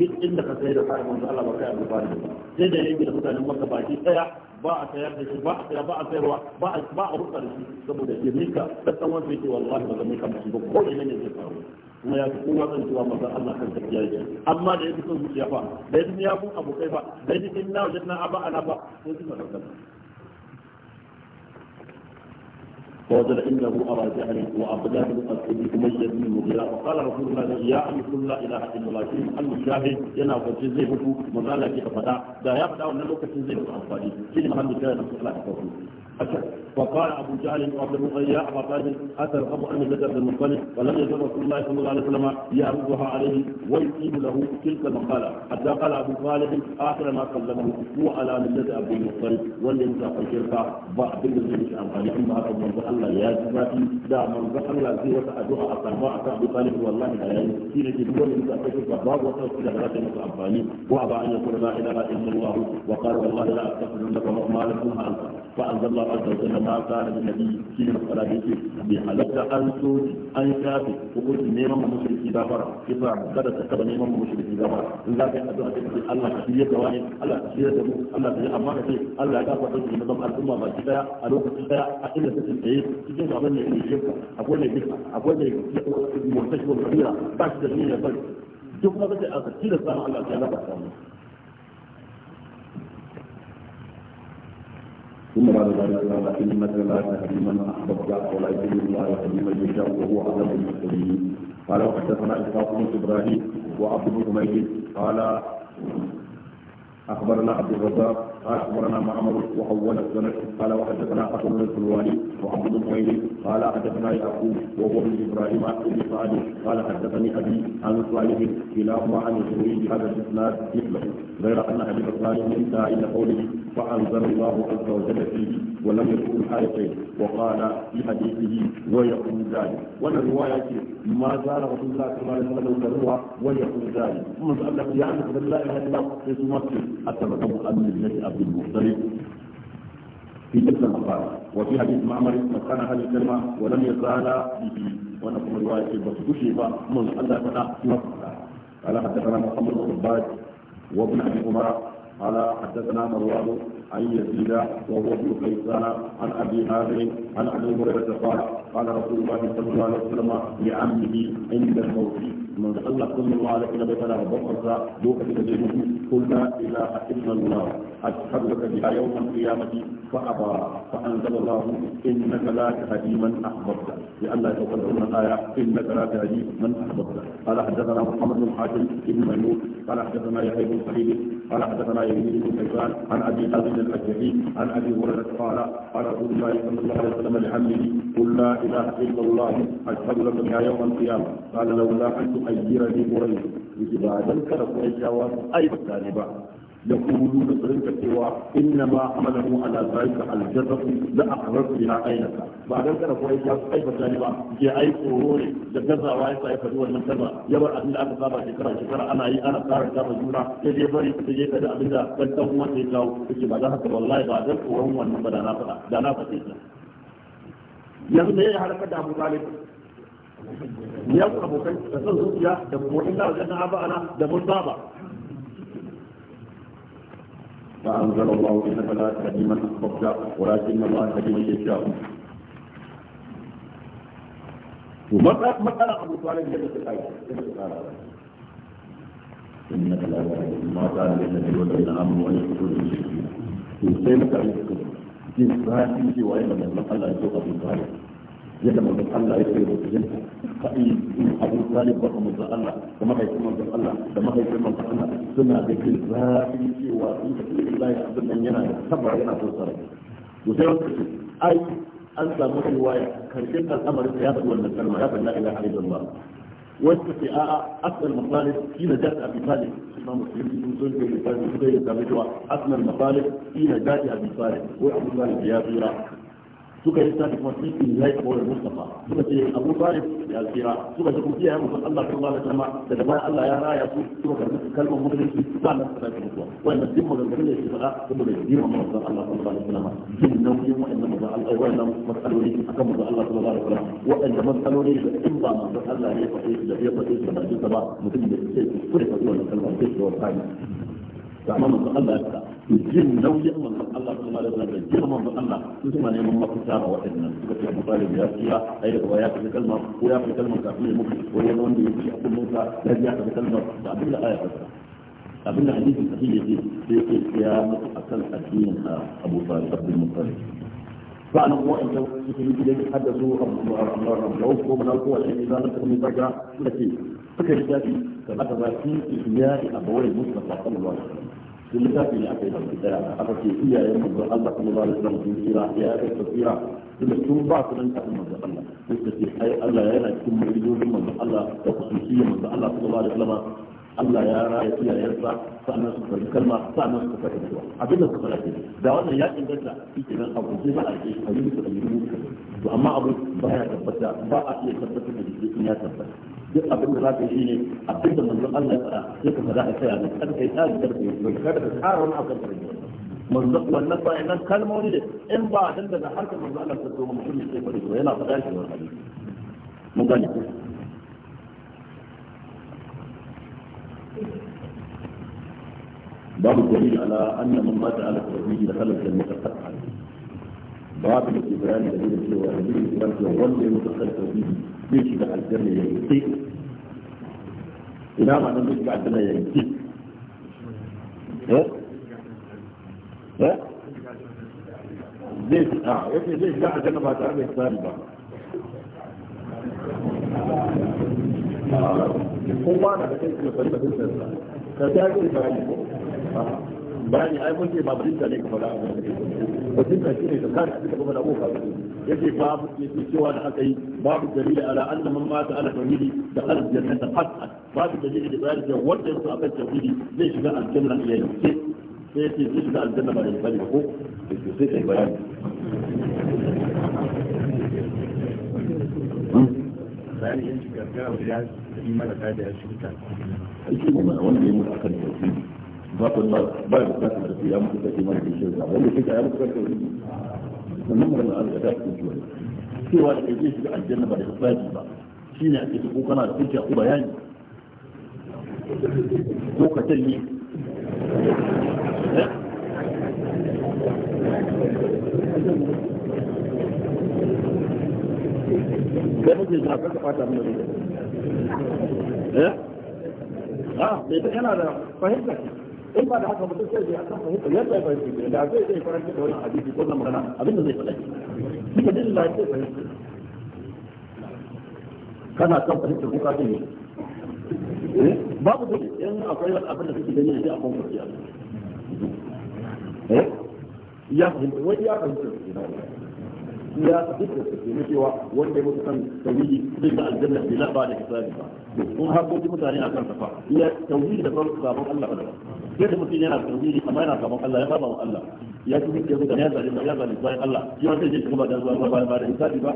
Speaker 1: duk inda ka sai da kai manzo Allah ba kai amfani sai da yake da mutanen Makka baki daya ba a sayar da shi ba a sayar ba a sayarwa ba a ba a rufa da shi saboda ya mika da tsawon sai ce wallahi ba zai mika ba ko ina ne zai faru kuma ya fi kowa zan cewa manzo Allah kan tafiya ya amma da yake son zuciya ba da yake ya kun abokai ba da yake na wajen na aba ana ba فوجد انه ارى جهلا وابلاه بالتوحيد اميه بن المغيره وقال رسول الله يا كل لا اله الا الله شيء المشاهد ينا فجي زي فتو مزالك فدا دا يبدا ونلوك زي فتو امفاني شيء محل كان الله وقال أبو جهل وعبد المغيا يا طالب أتى أترغب أن بدأ عبد المطلب ولم يزل رسول الله صلى الله عليه وسلم يعرضها عليه ويقيم له تلك المقالة حتى قال أبو طالب آخر ما قدمه هو على ملة عبد المطلب وليمسى الشركة بعض الذين قال أما أبو منظر الله يا جباتي من منظر الله زي وتأدعى أطرماء أبو طالب والله لا يجب في نجد دول من تأتيك باب وتوكل إلى غلطة متعباني وأبى أن يقول لا إله إلا الله وقال والله لا أستغفر لك وما لكم فأنزل الله الله عز وجل ما قال النبي في الصلاة بحلقة أن سوت أن شافي وقلت نيما مشرك إذا برا إذا بدأ تكتب نيما مشرك إذا برا إذا كان أدوها تكتب الله كثير دواني الله كثير دمو الله كثير أمانة فيه الله كافة تكتب نظام الأمة ما كفاية ألوك كفاية أكيد تكتب إيه تجد أمني إلي شفا أقول لي بكا أقول لي مرتشف كبيرة بعد تجميل يا بلد شوف ما بدأ أكتب الله كثير الله ثم بعد ذلك قال انك لا تهدي من احببت ولا يهدي الله يهدي من يشاء وهو اعلم بالمهتدين قال وحدثنا اسحاق بن ابراهيم وعبد بن حميد قال اخبرنا عبد الرزاق قال اخبرنا معمر وحول السند قال وحدثنا حسن بن الحلواني محمد بن قال حدثنا يعقوب وهو من ابراهيم بن صالح قال حدثني ابي عن صالح كلاهما عن الزهري بهذا الاسناد مثله غير ان حديث صالح انتهى الى قوله فانزل الله عز وجل فيه ولم يكن حائطين وقال في حديثه ويقول ذلك ولا روايه ما زال رسول الله صلى الله عليه وسلم ويقول ذلك ثم قال لك يعرف بالله الا الله في مسجد حتى لو كان من عبد المختلف في تلك المقالة وفي حديث معمر كان هذه الكلمة ولم يزال به ونقوم رواية كشف من الله تعالى في قال حدثنا محمد بن عباد وابن ابي عمر قال حدثنا مروان عن يزيد وهو ابن قيسان عن ابي هازم عن ابي هريره قال قال رسول الله صلى الله عليه وسلم لعمه عند الموت من صلى صلى الله عليه وسلم فلا بقر دوكه قلنا اذا حكمنا الله أشهدك بها يوم القيامة فأبى فأنزل الله إنك لا تهدي من أحببت لأن لا تقدرون الآية إنك لا تهدي من أحببت قال حدثنا محمد بن حاتم بن ميمون قال حدثنا يحيى بن سعيد قال حدثنا يزيد بن كيسان عن أبي حازم الأشعري عن أبي هريرة قال قال رسول الله صلى الله عليه وسلم لحمله قل لا إله إلا الله أشهد لك بها يوم القيامة قال لولا أن تؤيرني قريش بجبال كرب أي جواب أي يقولون بذلك سوى انما حمله على ذلك الجزر لاقررت بها عينك بعد ذلك هو يجب كيف جانبا في اي قرون جزا وايس اي فدوى من كذا يبر ابن الله كتابا شكرا شكرا انا اي انا صار كتابا جورا يجي بري يجي كذا ابن الله بل تهم ما تيجاو يجي بعد ذلك والله بعد ذلك وهم من بدا نافذ دا نافذ yanzu da ya halakar da Abu Talib ya ku abokai da son zuciya da kuma inda wajen na aba ana da mun baba فأنزل الله إنك لا تهدي من أحببت ولكن الله يهدي من يشاء ومسألة أبو طالب جلس الآية إنك لا تهدي ما كان للنبي والذين آمنوا أن يكفروا بالمشركين وسيمك أن يكفروا جنس هذه وإن من الله يتوقف بالظاهر yadda manzon Allah ya ce mutunta fa'i in abu talib ba kuma Allah da mahaifin manzon Allah da mahaifin manzon Allah suna da jin zafi cewa in ka ce Allah ya abin nan yana sabar yana so sarai to sai wata ce ai an samu riwaya karshen al'amarin ya faɗi wannan kalma ya faɗi la ilaha illallah wacce ce a'a asal masalih ina da abi talib kuma musulmi sun sun kai da sai da cewa asal masalih ina da abi talib wai abu talib ya tsira suka yi tafi kuma sun yi zai kawai Mustafa suka ce Abu Talib ya tsira suka ce kuma iyayen mutum Allah sallallahu alaihi wasallam daga bayan Allah ya raya su suka karbi kalmar ba sannan suka tafi mutuwa wannan duk maganganun da yake faɗa da yi ma manzon Allah sallallahu alaihi wasallam jin nauyin wa'annan manzon Allah wa'annan matsaloli akan manzon Allah sallallahu alaihi wasallam wa'annan matsaloli da in ba manzon Allah ya faɗe su da ya faɗe su da ba mutum da ke kuskure faɗi wannan kalmar sai su wata amma manzo Allah ya jin nauyi manzo Allah kuma da da jin manzo Allah su kuma ne mun mafita ba wadannan suka ce Abu Talib ya tsira ai da ya fi kalma ko ya fi kalma kafin mu ko ya wanda ya ci abun sa da ya fi kalma da abin da aya fara abin da hadisi sahih yake sai ke ya mutu akan addinin Abu Talib Abdul Muttalib فأنا هو أن يمكن إليه حدثوا العوف ومن القوة إذا نفسهم من فجأة التي فكر ذاتي فمتى في إحياء أبوي المصطفى صلى الله عليه وسلم في المسافة اللي أكيد في الدلاء أكيد هي يمضى الله صلى الله عليه وسلم في السيرة هي أكيد كثيرة ثم تكون بعض من تأمضى الله مثل في حي الله يرى ثم يجوز من الله وخصوصية من الله صلى الله عليه وسلم Allah ya raya iya yarda sa'annan su karbi kalma sa'annan su karbi kalma abin da suka rafe da wannan ya inganta shi nan abu zai ba a ce a yi musu da yi musu to amma abu ba ya tabbata ba a iya tabbatar da jikin ya tabbata duk abin da za ka yi ne abin da manzon Allah ya faɗa sai ka faɗa a tsaya da kada kai tsari da kai kada ka tsara wani akan karbi manzon wannan ba nan kalmomi da in ba dan daga harkar manzon Allah ta zo mutum sai faɗi to yana faɗa shi wannan hadisi mun gane باب الدليل على ان من مات على التوحيد دخل الجنه قد babu da ke da nuna cewa da zai kira cewa wanda ya mutu kan tauhidi zai shiga aljanna ya yanke ina ma nan zai shiga aljanna ya yanke
Speaker 2: eh zai a yake shiga aljanna ba tare da hisabi ba
Speaker 1: kowa na da kai kuma bari da hujjarsa ka ta yi bayani ko bayani ai mun ce ba bari da ne ka faɗa a وتبقى شيء ذكر حديث ابو ابو يجي باب يجي سوى الحكي باب الدليل على ان من مات على توحيد دخل الجنه قطعا باب الدليل اللي بيان ده وجه صاحب التوحيد ليش بقى الجنه هي سيتي ليش بقى الجنه بعد الفجر فوق سيتي بيان يعني يمشي كذا ولا يمشي مالا قاعد يشوفها. ايش هو وانا بيموت اكل التوحيد ba ku ba ba da bukatar da su ya muku sake mara da shirka wanda suka ya muku sake wani sannan mara na arzika ta kuke wani cewa da kai shiga aljanna ba da hisabi ba shine ake ko kana da kuke ku bayani ko ka talle da eh? muke da ka fata mun eh ah bai ta kana da fahimta in ba da haka mutum sai ya san fahimta yadda ya fahimta da zai zai karanta da wani hadisi ko na magana abinda zai faɗa shi ka dinga ya fahimta kana san fahimta ko ka sani babu dole in akwai wani abin da kake gani sai a kuma ya ya fahimta wai ya fahimta ya fahimta ke na cewa wanda ya mutu kan tauhidi zai ga aljanna bai laba da hisabi ba in har ko mutane akan safa ya tauhidi da sabon Allah ba yadda mutum yana tauhidi amma yana gaban Allah ya saba wa Allah ya ci duk da ya zalunta ya zalunta bayan Allah shi ma sai ya kuma da zuwa ba ba da hisabi ba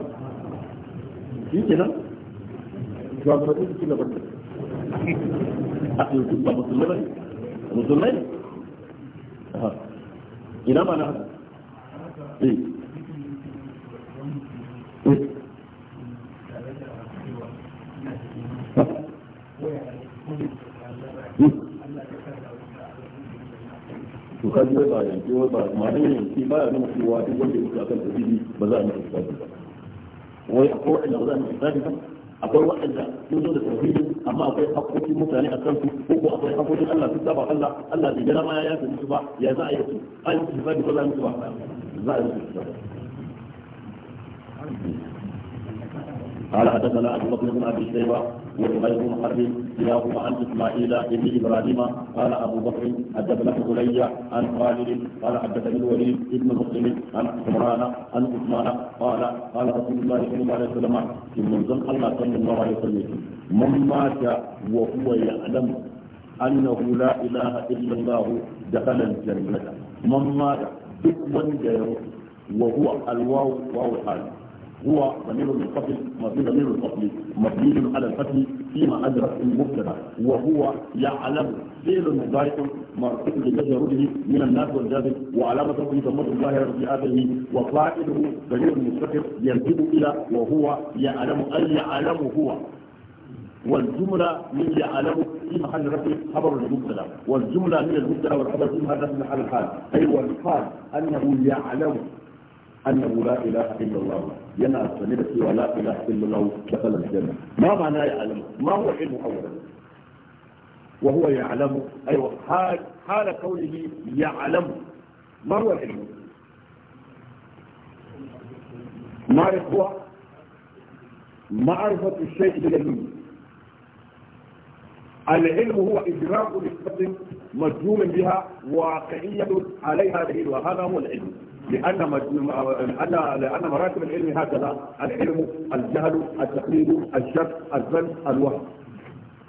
Speaker 1: shi kenan ba ci gaba a ɗauki ba musulmai musulmai ina ma na haka eh. to ka ji wata yanke wata ma ne yanke ba ya nuna cewa duk wanda ya mutu akan tafili ba za a yi hisabi ba wai akwai waɗanda ba za a yi hisabi ba akwai waɗanda sun zo da tauhidin amma akwai hakkokin mutane a kansu ko ko akwai hakkokin Allah sun saba Allah Allah bai gana ma ya yafe musu ba ya za a yi su a yi su ba za musu ba za a yi su ba قال حدثنا ابو بكر بن ابي شيبه وزهير بن حرب عن اسماعيل بن ابراهيم قال ابو بكر حدثنا بني عن خالد قال حدثني الوليد بن مسلم عن عمران عن عثمان قال قال رسول الله صلى الله عليه وسلم في منزل الله صلى الله عليه وسلم من مات وهو يعلم انه لا اله الا الله دخل الجنه من مات duk وهو الواو واو الحال هو ضمير القتل ضمير القتل مبني على الفتح فيما أدرك المبتدا وهو يعلم فعل مضايق مرتبط بجرده من الناس والجاذب وعلامة ربه ضمير الله في آخره وفاعله ضمير مستقر ينتهي إلى وهو يعلم أي يعلم هو والجملة من يعلم في محل رفع خبر المبتدا والجملة من المبتدا والخبر في محل الحال أي والحال أنه يعلم أنه لا إله إلا الله ينا سندتي ولا إله إلا الله دخل الجنة ما معنى يعلم ما هو علم أولا وهو يعلم أيوة حال, حال قوله يعلم ما هو العلم معرف هو معرفة الشيء بالعلم العلم هو إدراك نسبة مجزوم بها واقعية عليها دليل وهذا هو العلم لأن لأن مراتب العلم هكذا العلم الجهل التقليد الشك الظن الوهم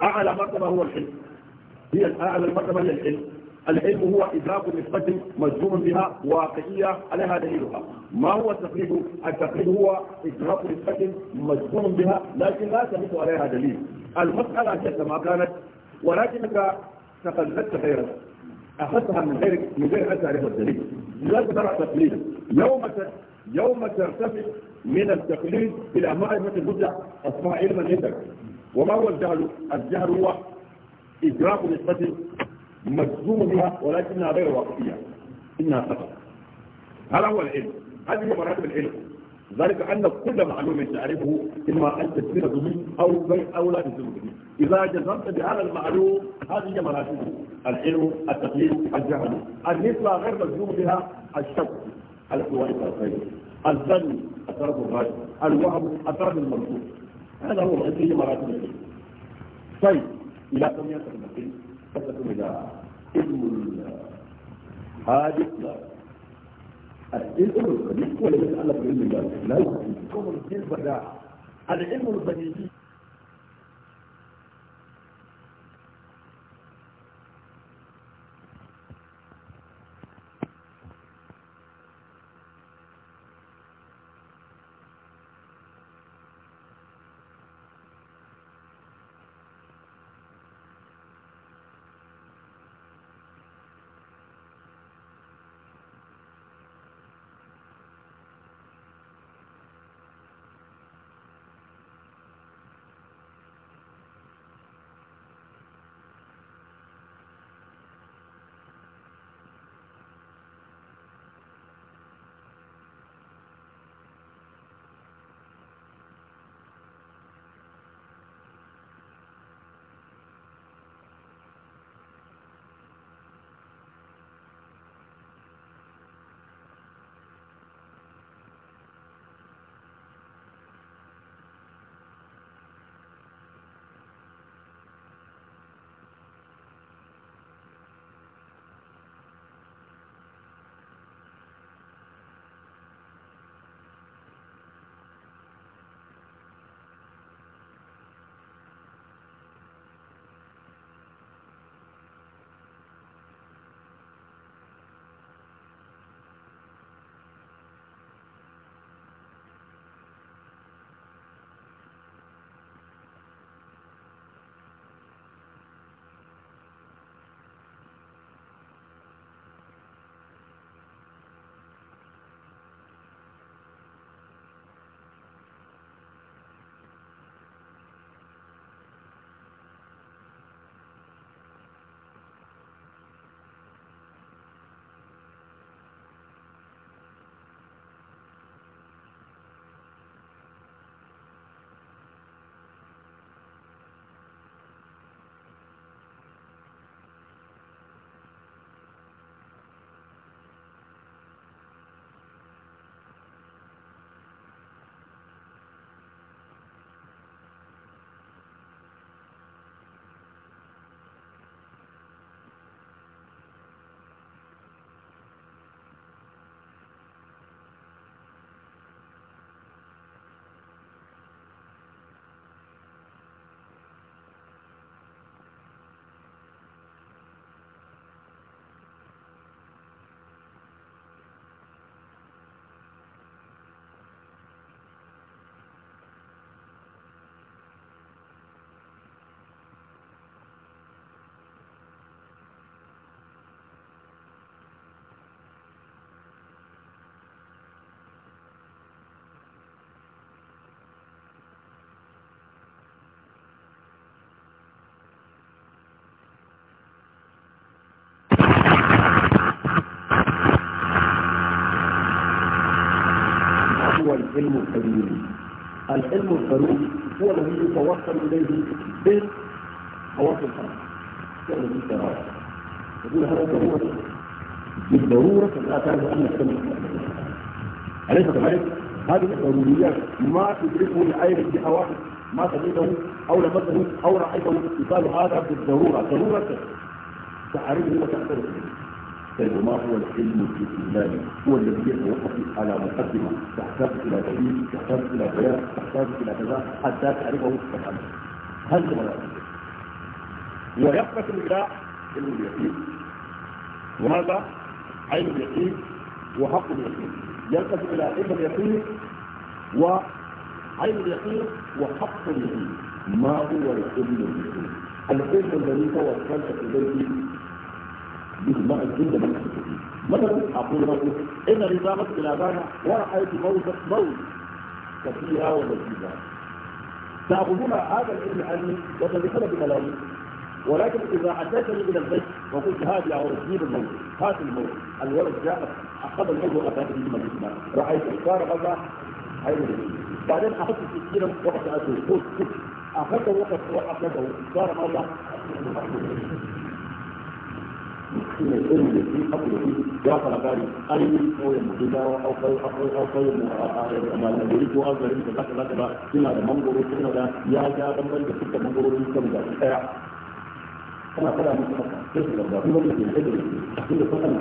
Speaker 1: أعلى مرتبة هو العلم هي أعلى مرتبة هي العلم العلم هو إدراك نسبة مجزوم بها واقعية عليها دليلها ما هو التقليد؟ التقليد هو إدراك نسبة مجزوم بها لكن لا تثبت عليها دليل المسألة كما كانت ولكنك تقلدت خيرا أخذتها من غير من غير أن تعرف الدليل لا ترى تقليد يوم يوم ترتفع من التقليد إلى معرفة الهدى أسمع علما عندك وما هو الجهل؟ الجهل هو إدراك نسبة مجزوم بها ولكنها غير واقعية إنها خطأ هذا هو العلم هذه هي مراتب العلم ذلك أن كل معلوم تعرفه إما أن تسير به أو بيت أو لا تسير به إذا جزمت بهذا المعلوم هذه مراتبه العلم التقليد الجهل النسبة غير مجزوم بها الشك الحوائط الخير الظن الطرف الراجع الوهم الطرف المنصوص هذا هو هذه مراتب العلم طيب إلى كم يصل المسجد تصل إلى اسم هذه العلم الخبيث ولا يسأل الله بعلم الله لا يسأل العلم البديهي العلم القديم العلم القديم هو الذي يتوصل إليه بين الخمس هو يقول هذا ضرورة بالضرورة لا تعرف أن السمع أليس كذلك؟ هذه الضروريات ما تدركه العين في حواسك ما تدركه أو لمسه أو رأيته يقال هذا بالضرورة ضرورة تعرفه وتعترف به ما هو العلم الاسلامي هو الذي يتوقف على مقدمه تحتاج الى دليل تحتاج الى بيان تحتاج الى كذا حتى تعرفه تفهمه هل العلم ويقف الى علم اليقين وهذا عين اليقين وحق اليقين يلتفت الى علم اليقين وعين اليقين وحق اليقين ما هو العلم اليقين العلم الذي توصلت اليه بهما الجند من مثلا أقول لكم إن رزاقة بانا ورأيت موزة موز كثيرة ولذيذة تأخذون هذا العلم عني وتذكر بملايين ولكن إذا حدثني إلى البيت وقلت هذا يا ولد جيب الموت هات الموت الولد جاء أخذ الموت وأتى به من رأيت صار غزا حيوان بعدين أخذت السكينة وقت اخذت أخذته وقت وأخذته صار غزة shi ne irin da shi abu da shi ya fara gari ko yi koyon mutum dawa aukai aukai aukai a malamari ko an garin da zaka zaka ba suna da mangoro suna da ya ja bambam da suka mangoro sun kan gashi daya kana fara musu haka sai su gaba kuma da ke da da kuma da fasan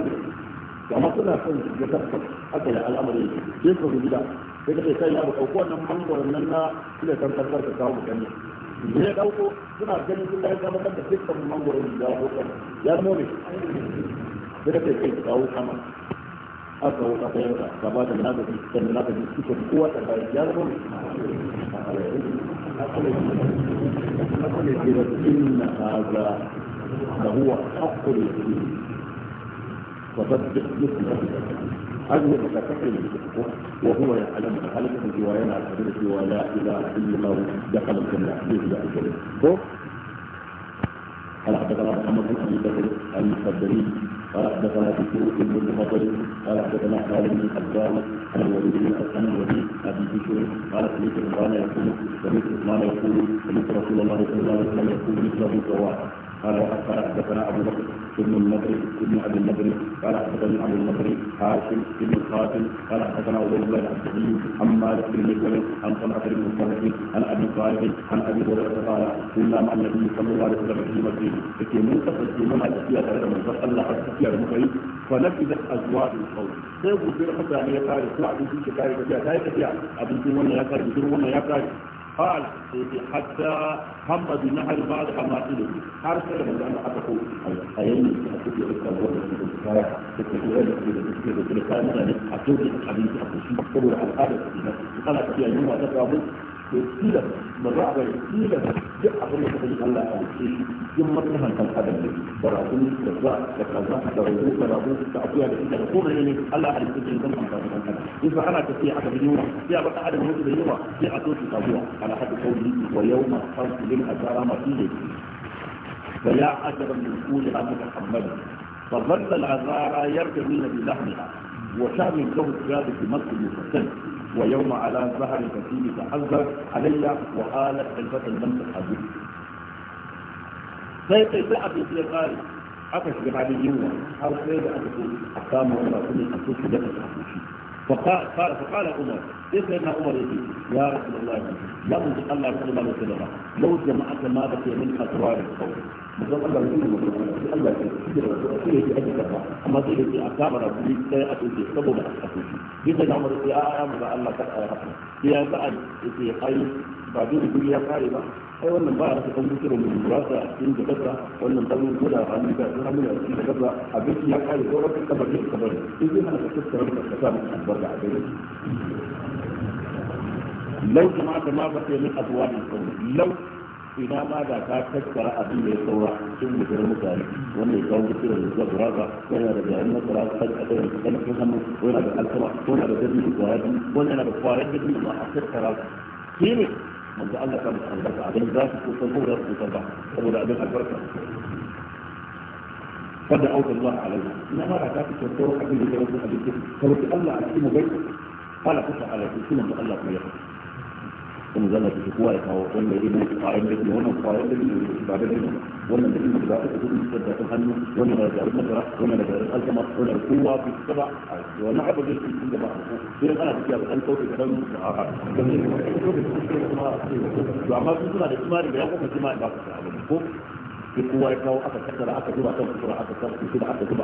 Speaker 1: da amma suna son ya tafi haka da al'amarin sai su gida sai ka sai ya abu ko wannan mangoron nan na ila kan karkar ka kawo mutane ya dauko suna ganin sun daga gabatar da fiskar mangwaron da ya hoton ya zama ne da kake kai kawo sama aka wuta ta yanka gaba da na gaji da na gaji suke kowa ta bayan ya zama ne akale ke da inna haza da huwa hakuri wa tasbih mislu هذه المتكفل وهو يعلم هل حلقته على حضرته ولا الى الا الله دخل الجنه باذن الجنه قال حدثنا محمد بن ابي بكر المقدري قال حدثنا بشروق بن المفضل قال حدثنا خالد بن حزام عن الوليد بن عن الوليد ابي بكر قال سمعت عمران يقول سمعت عثمان يقول سمعت رسول الله صلى الله عليه وسلم يقول مثله سواء قال قال حدثنا ابو بكر بن النضر بن ابي النضر قال حدثنا ابو النضر هاشم بن القاسم قال حدثنا عبيد الله العبدي عن مالك بن مسلم عن طلحه بن مصطفى عن ابي صالح عن ابي هريره قال كنا مع النبي صلى الله عليه وسلم في المسجد في منتصف في منهج فيها ثلاثه من صلى فيها المخيم فنفذت ازواج القوم سيقول في da يعني ya kare su abin su ke kare tafiya ta yi tafiya abin su wannan ya kare قال حتى هم بنهر بعض حماته حرس لما كان حتى ايام التي تذكر الكلام ده حتى الحديث قبل الحلقه قال في يوم هذا tilas ba za a bari tilas duk abin da ka yi Allah a ce yin maslahan kan adam ne da rakun da za da kaza da rubu da rakun da akuya da ita da komai ne Allah a ce yin kan amfani kan adam in fa ana tafiya aka bi yunwa sai a baka adam mutu da yunwa sai a so su kabuwa ala hadu kauli wa yawma farqu lil azara ma fihi فيا عجبا من قولها متحملا فظل العذارى يرجمون بلحمها وشعب الكون الثابت في مصر مفتن ويوم على ظهر كثير تحذر علي وقال الفتى لم تحذر سيد سعد في قال عكس بعد يوم حاول سيد أبي سعد أقام الله كل فقال فقال عمر سيدنا عمر يا رسول الله لو انت الله صلى الله عليه وسلم لو جمعت ما بقي من خطر وارد قوي مثلا الله يقول لك الله يقول لك الله يقول لك الله يقول لك اما تقول لك اكتاب ربي سيئة انتي سبب اكتاب سيدنا عمر يا عم الله تقع يا رب يا بعد انتي قيل بعدين يقول لي يا قائمة اي والله بقى في كمبيوتر من دراسة عشرين دقيقة والله نطلع كلها عن كذا من عشرين دقيقة عبيتي يا قائمة دورك كبرت انا كتبت ربك كتابك برجع بيتي لو كما ما بقي من أبواب الكون لو إذا ما دا كا تذكر أبي يسورا ثم يجرم كاري وأن يكون بسير الزب رابع وأن يرجع أن ترى قد أتين أن تهم وأن يرجع الكرة وأن يرجع أن يكون وأن يرجع الفارد بدون ما أتذكر كيني من جعل لك أن أردك عدم ذات كتبه رب تبع أبو دا أبن أكبرك قد أعوت الله عليه إن ما دا كا تذكر أبي يسورا ثم يجرم كاري فلو تألا أكيم بيت فلا تسعى على كل من الله ما يفعل kuma zan lafi su kowa ya kawo wannan ya yi kwayan da kuma wannan kwayan da kuma ba da kuma wannan da kuma da aka kuma da ta hannu wannan da da masara wannan da da alkama wannan da kowa ku saba wannan abin da shi da ba sai ana tafiya da an kauce da hannu da aka to amma su suna da kimani da ya kuma kimani ba ku ko ki kowa ya kawo aka kaddara aka zuba kan aka kaddara aka zuba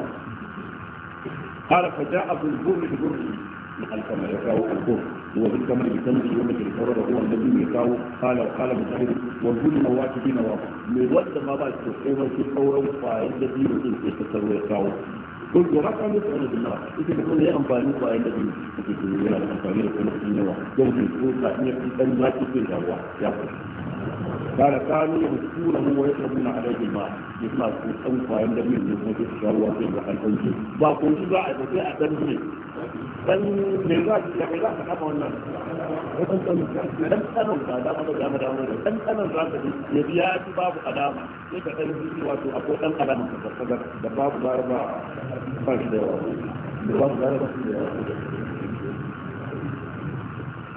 Speaker 1: قال فجاء ابو البر ببره الكم يكاو الكفر وبالكم بالكم يوم الكفر هو الذي يكاو قال وقال بسعيد والجود مواتبين وراء من وقت ما بعد تسعير في الثورة فائدة يمكن يتسر ويكاو كل رقم يسأل بالله إذا كل أنفاني فائدة يمكن يتسر ويكاو يمكن يكون فائدة يمكن يكون فائدة يمكن يكون فائدة يمكن يكون فائدة قال كانوا يمسكونه ويشربون عليه الماء يطلع في الصوفة عند من يكون في الشهوة في البحر كنت باقول شو قاعد وفي أتنزل بل من قاعد يعني لا تحب ولا لم تنم هذا ما تجمع هذا ما لم تنم هذا يبيات باب قدام كيف تنزل واتو أقول أن قدام فقدر باب ضربة فاشدة باب ضربة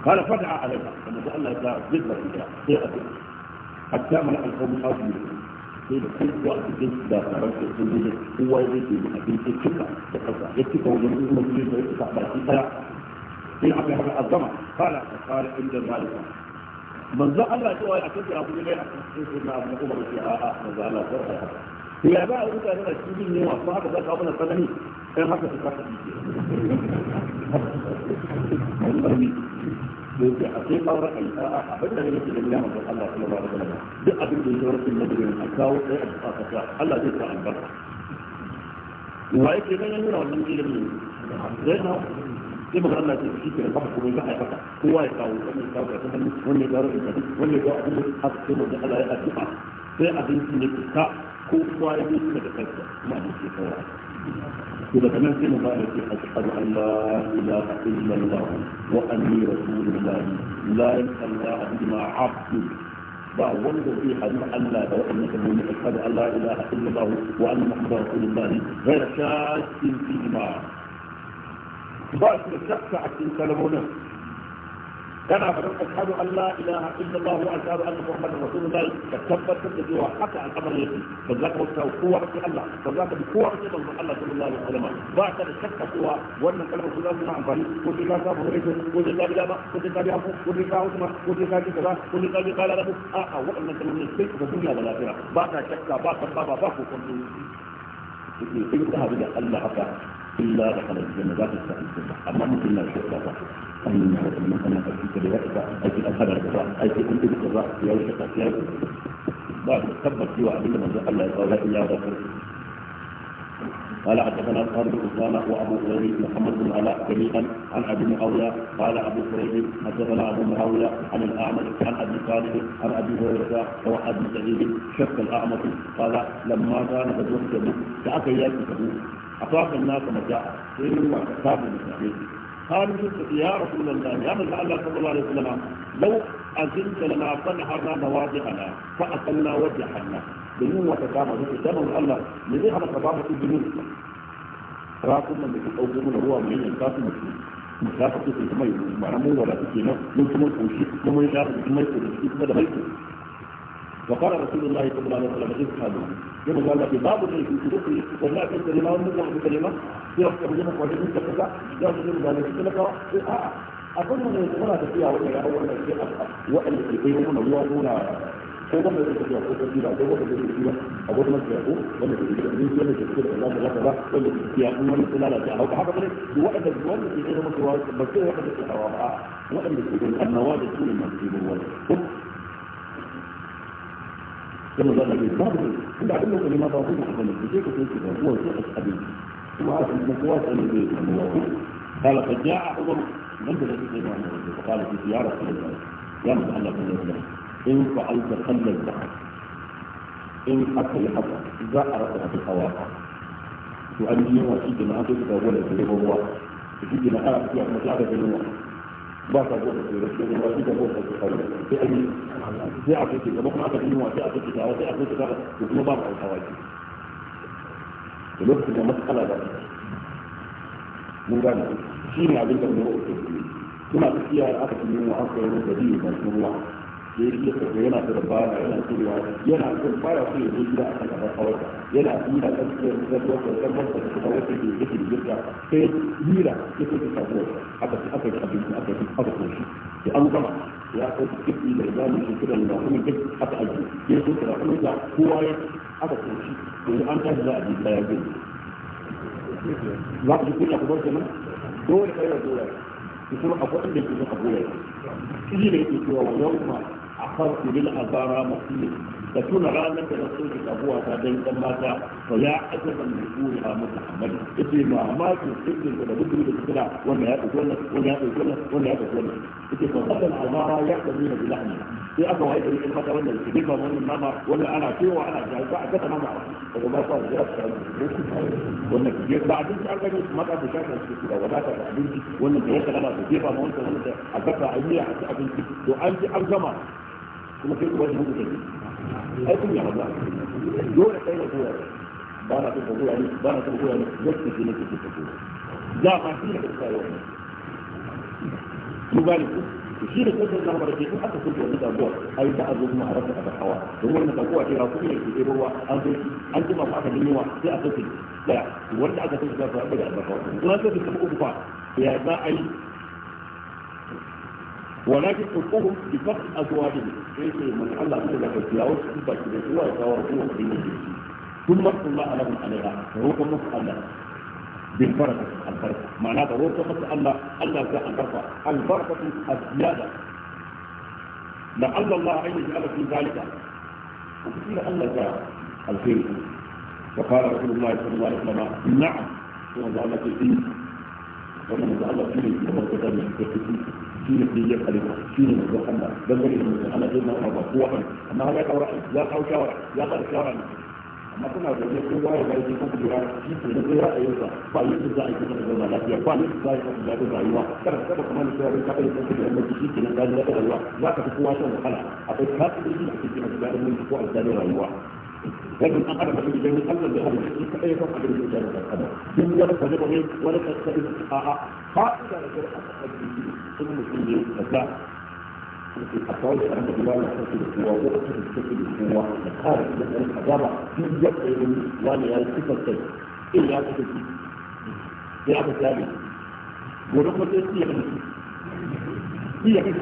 Speaker 1: قال فدعا عليها أن الله لا ضد فيها hatta mana alƙawar hafi sai da kowa a cikin da taron da sun yi kowa ya zai da abinci cika da kasa ya cika wajen yin mutum da ya cika baki daya sai aka haka azama kala ta fara inda zalika manzo Allah cewa a cikin abu ne a cikin sunna abu kuma ba shi a a manzo Allah ta fara ya ba a rubuta da cikin ne wa ba ka dan haka su ka yake akwai auren a abin da yake da da Allah duk abin da yake rasul madrin a kawo sai a tsaka ka Allah zai albarka wa yake ganin wannan ilimin na sai magana ce shi ke da kuma aikata kowa ya kawo wannan kawo da kan wannan ya da sai abin da yake ka إذا تمنت مبارك أشهد أن لا إله إلا الله وأني رسول الله لا إله إلا الله بما عبد فأولد في حديث أن لا إله إلا أشهد أن لا إله إلا الله وأن محمد رسول الله غير شاك في الإجماع باش بشك ساعة إنسان كما فلم تشهد ان لا اله الا الله واشهد ان محمدا رسول الله فتثبت الذي هو حتى الامر يجري فجاءكم قوة في الله فجاءكم بقوة في الله صلى الله عليه وسلم بعد الشك قوة وان كلام رسول الله صلى الله عليه وسلم قلت لا تاب وليس قلت لا بلابا قلت لا بلابا قلت لا عثمان قلت لا بلابا قلت لا بلابا قال له اه وان انت من الشيء في الدنيا والاخره بعد الشك بعد الباب باكو كنت انتهى بجاء الله حتى الا دخل الجنه ذات السعيد اما ممكن ان يكون كذا كذا بعد في واحد قال إلا قال حدثنا الخالد بن اسامه وابو قريب محمد بن علاء جميعا عن ابي معاويه قال ابو قريب حدثنا ابو معاويه عن الاعمش عن ابي صالح عن ابي هريره ابي سعيد شك الاعمش قال لما كان بدر تبوك تاكل ياكل تبوك اعطاك الناس مجاعه سيروا وكتاب المسلمين خالد يا رسول الله يا من الله صلى الله عليه وسلم لو أزلت لما فنحرنا مواضعنا فأقلنا وجهنا بنون وتكامل كتابه الله لذي هذا كتابه الجنود راكم من يكون أوزمون هو من مسلم مسافة في الميل معنا مو ولا تكينا من ثم الكوشي ثم يشعر في الميل في الميل وقال رسول الله صلى الله عليه وسلم اذهبوا يوم قال في بعض في كتبه وما في كلمه وما في كلمه في وقت كلمه في كذا لا تجد ذلك لك أظن أن يقول هذا فيها ولا أول ما وأن يقيمون الله دون هو ما يقول فيها هو كثيرا أبو ما يقول ولا كثيرا من كل كثير الله لا لا ولا كثيرا من لا لا لا هو حاجة بس وقت الجوال في غير مصر بس هو وقت الحرام وقت كل ما كما قال ابي صابر انت عارف انه ما ضاغط حتى ما تجيك وتنسى هو سوء الحديث ثم عارف ان القوات الذي قال قد جاء عمر غلب فقال في زياره يا متعلق بالله ان فعلت قلت إن حتى إذا أردت في الحواقع وأن يوم أشد ما أنت هو الذي هو أشد ما أردت في الحواقع ba ka zo ka tsira sai ba shi sai a yi sai a kuke kuma aka yi wa sai a kuke sai a kuke kuma ba ki da lokacin da matsala da mun gane shi ne abin da mu kuma tafiya aka yi wa aka yi da ruwa da ya iya kaga yana da dabara yana cewa yana son baya so ya gida a kan gaban kawarsa yana hira kan cikin zarwarsa da kuma wata ke yake da yadda sai hira ya kai ta sabuwa aka ci aka yi abinci aka yi aka koshi da an gama ya kai kifi da zamu shi kira da kuma duk aka aji ya so da kuma da kowa ya aka da to an tashi za a ji da ya za ku ji kunya ku bar dole kai da dole kuma akwai inda yake so a goya ne yake cewa yau ma أخذت للأبارة مصير تكون رانا تنصيب أبوها تدين كماتا فيا أجبا لقولها متحمد إذن ما ما تسجد فلابد من الابتلاع وما يأكل وما يأكل وما يأكل إذن فقد الأبارة يأكلون بلحمها في أبو هيدا يمكن ماتا ولا الكبيرة ولا الماما ولا أنا فيه وأنا جاهزة أجبا ما معه فما صار جاهزة ولا كبير بعدين تعرف ما تعرف شاكا ولا تعرف عبيدي ولا كبيرة ولا كبيرة ولا كبيرة ولا كبيرة ولا كبيرة ولا كبيرة ولا كبيرة ولا كبيرة kuma kai kuwa shi kuke ai kun ya maza dole kai da kowa ba na son kowa ne ba na son kowa ne yadda ke ne ke kowa za ma shi ne ka tsaya wa mu gani ku shi da kai da ke kun aka kunta wannan ta azo kuma a rasa a hawa don wannan damuwa ce ra kuma ne ke ruwa an zo an ji ba ku aka dinwa sai a sauke da wanda aka sauke da ba da albarka sai ka ku ku fa ya za a yi ولكن حكمهم بفقد ازواجهم ليس من الله الا بالتلاوه في السوى يتورطون في ثم اتقوا الله لهم عليها فهو نصح الله بالبركه البركه معناها هو فقط الله الله جاء البركه البركه الزياده لعل الله ان يجعل في ذلك وكثير الله جاء الخير فقال رسول الله صلى الله عليه وسلم نعم ثم قال لك wannan da Allah shi ne kamar da ne da kuɗi shi ne da ya kalma shi ne da Allah dan gani da Allah zai na ba kowa amma ya kaura ya kaura shawara ya kaura ne amma kuna da ne kowa ya gaji ko kuma shi ne da ya ayyuka ba yi da ai kuma da lafiya ba ne da ai kuma da rayuwa kada kada kuma ne ka kai ko da mutum shi ke nan da rayuwa za ka fi kowa shan wahala akwai kasu da shi ne da rayuwa ko da rayuwa لكن أقرب من جميع الأمر بأهل الشرك أي فوق من جميع الأمر من ولا تجربه ولا تستطيع الحقاقة فإذا رجل أقرب من ثم مسلمين فتاة القول أن الله يتصل هو وقت يتصل هو خارج من الحضارة في جبهة ولا يتصل إلا تتصل يا أبو ثابت ورغم الإسلام هي هي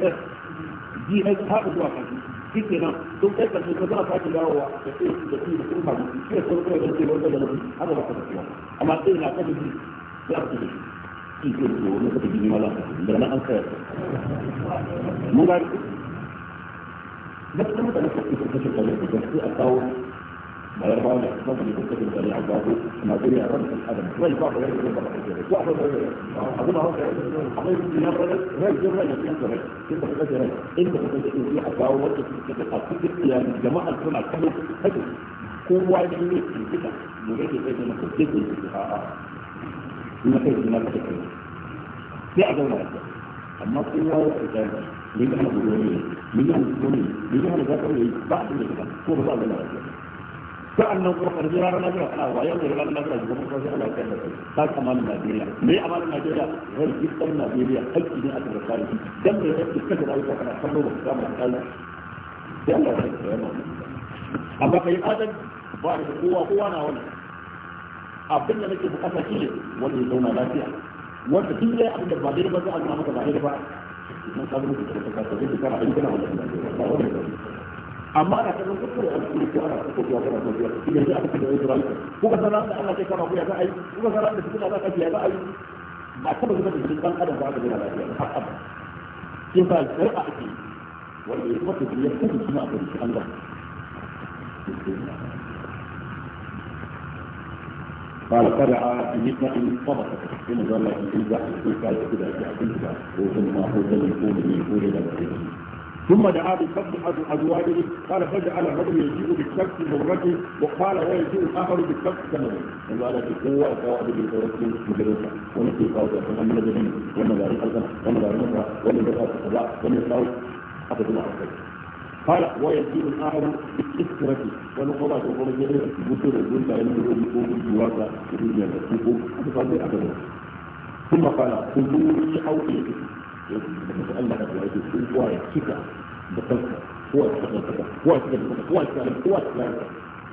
Speaker 1: هي هي هي هي shi ke nan duk ɗaya ƙarshe ka zama dawowa da ke da ke da kuma ba shi ke wanda da haka ba da amma ɗaya na kashe shi ya fi shi shi ke da wani kasa gini mala da an kayar mun da mutane a kawo ويرفعون الاقتصاد بكتة الشريعة وضعوا ما قيل رد الأدم والبعض يجب أن يضع أظن هو حضير في نظر لا يجب أن يكون كيف تحدث هنا أنت تحدث في حتى وجدت في كتة يعني الأقتصاد آه، آه. يا جماعة كنا كانوا هجم قوة جميلة في كتة مريد أن يكون المكان اللي ما بتكلم في عدو ما أما قلنا وقتها ليه أنا بقولي ليه أنا بقولي ليه أنا بقولي بعد اللي كده هو بقى اللي sa'annan kuma karbi ranar lafiya ana wayan da ranar lafiya da kuma sai Allah ya kaddara ta amanar Najeriya me amanar Najeriya wani Najeriya ne a cikin tsari dan da da kana kama sai Allah ya amma kai adam ba da kowa kowa na abin da nake bukata shi ne wanda ya zauna lafiya wanda duk abin da ba daidai ba za a nuna maka ba daidai ba da kasa aiki na amma da kan kuskure a kuma, shi kuma ya kana tafiya idan za a fi da kuma kuka sanar da Allah sai kama ku ya za a yi kuka sanar da da za ka ya za a yi ba taba zuba da cikin adam za da gina lafiya har kin ba shari'a ake wanda ya kuma tafi ya kuma da abin shi Allah قال فرع da طبقة إن ظل في الزحف في كذا كذا كذا ثم أخذ يقول يقول إلى بعيد ثم دعا حتى ازواجه قال فجعل الرجل يجيء بالشمس مرته وقال ويجيء الاخر بالشمس كمان قال لك هو القواعد بالفرسطين مدرسه ونفس القواعد من الجنه والمدارس الغنى والمدارس النصرى والمدارس الصلاه والمدارس حتى الله قال ويجيء الاخر بالكسره والنقضات وقول الجميع بشر الجنه ينزل بكم جواسا الدنيا تكتبوا فقال ابدا ثم قال خذوني او ايدي يسالك الله يسالك شكرا بتلك هو يتكلم هو يتكلم هو يتكلم هو يتكلم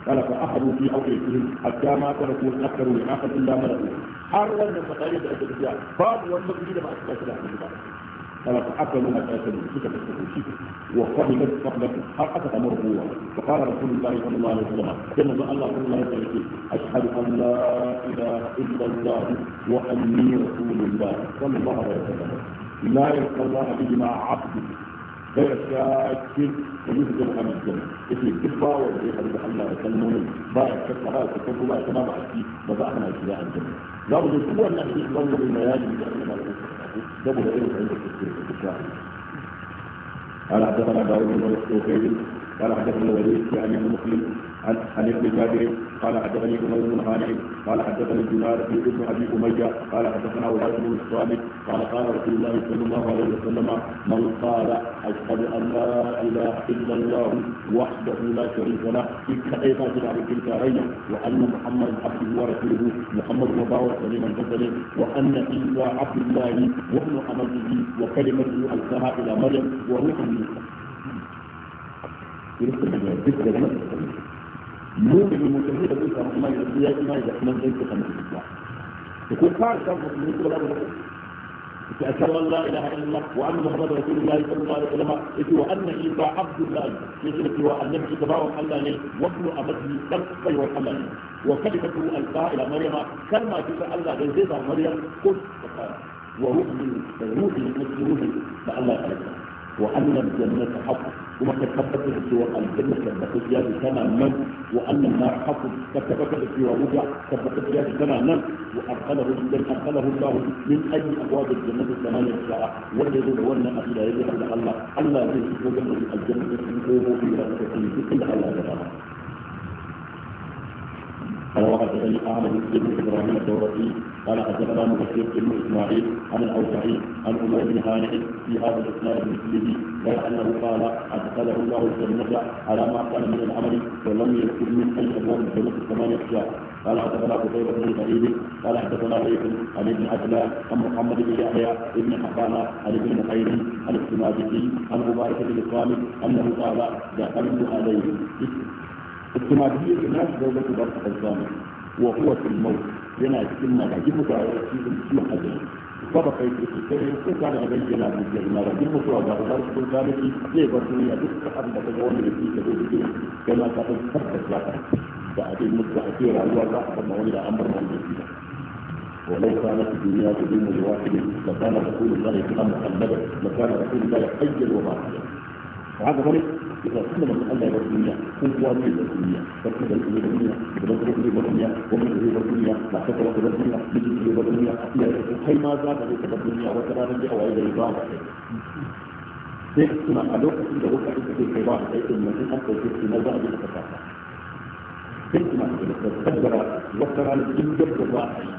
Speaker 1: قال فأخذوا في أوقيتهم حتى ما تركوا الأكثر من أخذ إلا ملكوا حروا من تقاليد الأشياء فاضوا والمسجد مع الأشياء قال فأكلوا ما تأكلوا شكا تستكوشيك وقبلت قبلته حقت أمر هو فقال رسول الله صلى الله عليه وسلم كما الله صلى الله عليه وسلم أشهد أن لا إله إلا الله وأني رسول الله صلى الله عليه وسلم لا يلقى الله بجماع عبده gaskiya يفضل عن الجنة إذن الكفة والإيقا بحملة وسلمون باعت كفة وتكفة باعت ما بعتي بضعنا إشياء الجنة لابد الكوة التي تظل بالميادي بجأنا ما لابد إيه عند التفكير قال حدثنا داود بن الخيل قال حدثنا الوليد يعني المخلص عن عن ابن جابر قال حدثني عمر بن هانئ قال حدثني جمال بن ابن ابي اميه قال حدثنا ولايه بن الصامت قال قال رسول الله صلى الله عليه وسلم من قال اشهد ان لا اله الا الله وحده لا شريك له تلك على تلك بالكلتارين وان محمد عبده ورسوله محمد وباور سليما البصري وان عيسى عبد الله وابن عمله وكلمته القاها الى مريم وروح منه. مؤمن المتميز بيت ما يزيد ما يزيد من بيت خمس الله يكون فارس من كل هذا أشهد أن لا إله إلا الله وأن محمد رسول الله صلى الله عليه وسلم إتي وأن عيسى عبد الله يشرك وأن نبي تباوى حلاني وابن أبته تبقى وحلاني وكلمته ألقى إلى مريم كما تبقى الله جزيز مريم قل وروح من روح من روح لأن الله وأن الجنة حق kuma ka tabbatar da cewa aljanna tabbatacciya ce tana nan wa annan na haku ka tabbatar da cewa wuta tabbatacciya ce tana nan wa arkalahu dan arkalahu Allah min ayi abwab aljannati thamani sa'a wanda yake da wannan asira yake da Allah Allah zai shigo da aljanna da kuma ko ko da kuma duk da Allah da ba قال وحدثني احمد بن ابراهيم الدورقي قال حدثنا مبشر بن اسماعيل عن الاوسعي عن عمر بن هانئ في هذا الاسلام المسلمي غير انه قال ادخله الله الجنه على ما كان من العمل ولم يذكر من اي ابواب الجنه الثمانيه اشياء قال حدثنا قتيبة بن سعيد قال حدثنا ليث عن ابن الله عن محمد بن يحيى بن حقانة عن ابن مخير عن السماجدي عن مبارك بن صامت انه قال دخلت عليه الجماهير الناس دولة بر الزام وهو في الموت لنا كل ما يجب في كل حاجة طبقة يتكلم كل على غير جناب الجماعة يجب تعود على دار كل في كيف الدنيا تستحب تجوان في كل شيء كما تقول سبب الزلاطة بعد المستحيل على الله ثم ولا أمر من الدنيا ولو كانت الدنيا تدوم لواحد لكان رسول الله صلى الله عليه لكان رسول الله حي وباقي وهذا غريب إذا كل من ألا رسمية كل قوانين رسمية تركيز الكلية رسمية بدون رسمية رسمية ومن رسمية رسمية مع فترة رسمية بجنسية رسمية هي ما زاد عليك رسمية وترى من وإذا إضافة suna a lokacin da wuka ita ke ba da aikin mutum an ɗauke su na a duka kasa sai suna da tattara wata rana duk da ba a yi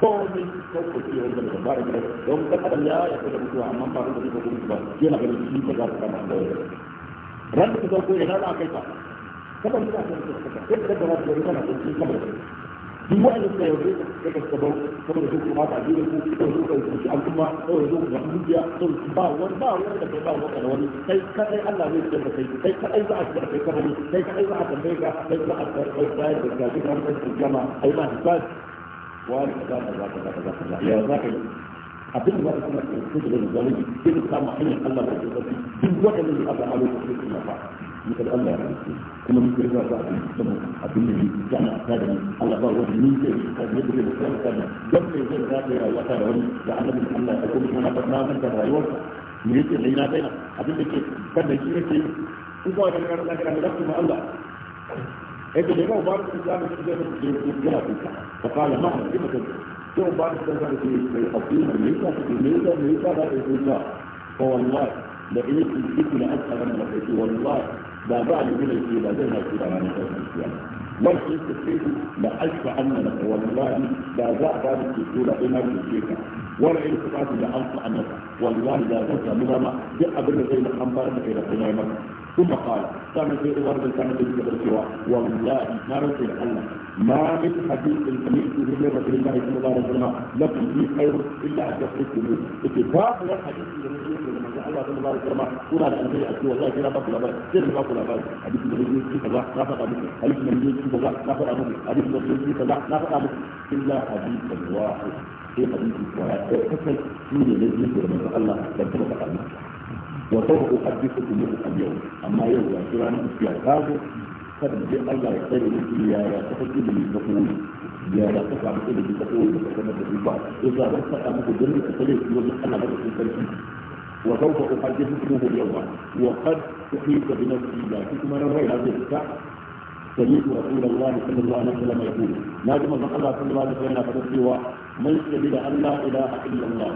Speaker 1: kawai da ba don ya yi amma ba da yana ganin shi ba za ta ran da farko ina za a kai ka kada mu ta kai ka kada da wasu da kana cikin kamar duk wanda suka yaudare ka kai ka bau saboda duk kuma ta jira ku ko duk kai ku an kuma ko duk ga dukiya to ba wani ba wani da kai ba wani da wani kai kai Allah ne ya kai kai kai za a kai kai kai kai za a tambaye ka kai za a kai kai da ka ji kan kai jama'a ai ma hisab wani kaza kaza kaza kaza ya za ka yi abin da kuma ke cikin da zalimi sai ka samu hanyar Allah da ke sarki duk wanda ne aka halu ko sai kuma fa muka da Allah ya rantsi kuma muke da ba abin da abin da ne kana ta da Allah ba wani ne ke ka da ke da sarki da dan ne zai da ta rayuwa ta da wani da annabi Allah ya kuma na ba na da rayuwa ne yake da ina bayan abin da ke kan da shi yake in ba da ran da kan da kuma Allah yake da ba ba ku da ku da ku da ku da ku da ku da ku da ku da ku da ku تو بعد تقدر تقيم امريكا امريكا امريكا لا تقيمها فوالله لكن الكتب اكثر من الكتب والله ده بعد كده يجي ده زي ما كده انا مش الكتب لا اشفع ان والله ده بعد الكتب لا انا الكتب ولا الكتب لا انفع ان والله ده ده ملما جاء قبل زي الخمر كده كده ثم قال كانت في ورد كانت في والله ما رسل الله ما من حديث سمعته من رسول الله صلى الله عليه وسلم لكم فيه خير الا ان تفقدوا اتفاق الحديث الذي يقول الله صلى الله عليه وسلم كنا نحن نحكي والله كنا بطل ابد كيف بطل ابد حديث النبي في وسلم نافق ابد حديث النبي في كذا نافق ابد حديث النبي في وسلم نافق ابد الا حديث واحد في حديث واحد فكل من الذي يقول الله لم تبقى وسوف احدثكم اليوم اما يوم لا ترى في الكاذب sabbi Allah ya tsare shi ya ya kafa ilimi ta kuma ya ya kafa ilimi ta kuma da kuma da ba ya za ka faɗa muku dan ka tsare shi wajen Allah da kuma sarki wa sawfa uhaddithukum yawma wa qad uhita bi nafsi la kuma ran rai da ta سمعت رسول الله صلى الله عليه وسلم يقول ما جمع الله صلى الله عليه وسلم فقد سوى من شهد ان لا اله الا الله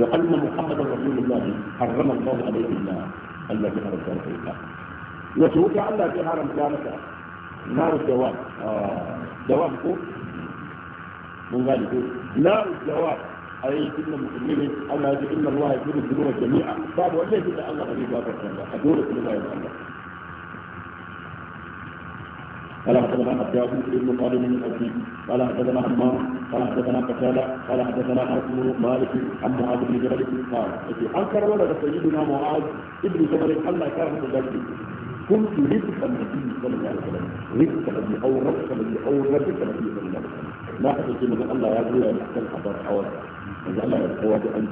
Speaker 1: وان محمدا رسول الله حرم الله عليه الله الذي حرم الله يترك الله في نار كامتا نار الدواب آه. دواب كو من ذلك نار الدواب أي إن المسلمين أن إن الله يكون الذنوب جميعا طب وليس إلا الله غني بابا الله أدور كل ما يبقى الله قال حدثنا عبد الله بن طالب بن الأبي قال حدثنا حمام قال حدثنا قتادة قال حدثنا بن مالك عن معاذ بن جبل قال أنكر ولد سيدنا معاذ ابن جبل الله كان ذلك كنت رزق النبي صلى الله عليه وسلم رزق الذي او رزق الذي او رزق النبي صلى الله عليه وسلم ما حدث من الله يا ابويا محتل حضر حوالي ان الله يقوى بان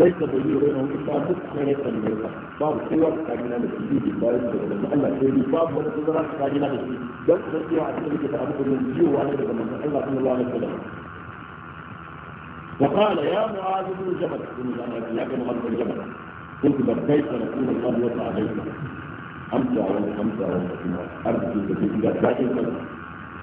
Speaker 1: ليس بيني وبينه الا نصف ليس من الحق باب صور كامله مسجد لا يمكن ان الله سيدي باب ولا تدرك كامله مسجد بس تستطيع ان تملك تعبد من الجيو وانا بمن الله صلى الله عليه وسلم وقال يا معاذ بن جبل كنت انا يا معاذ بن جبل قلت لبيك رسول الله وسعديك خمسة ولا خمسة ولا أربعة ولا خمسة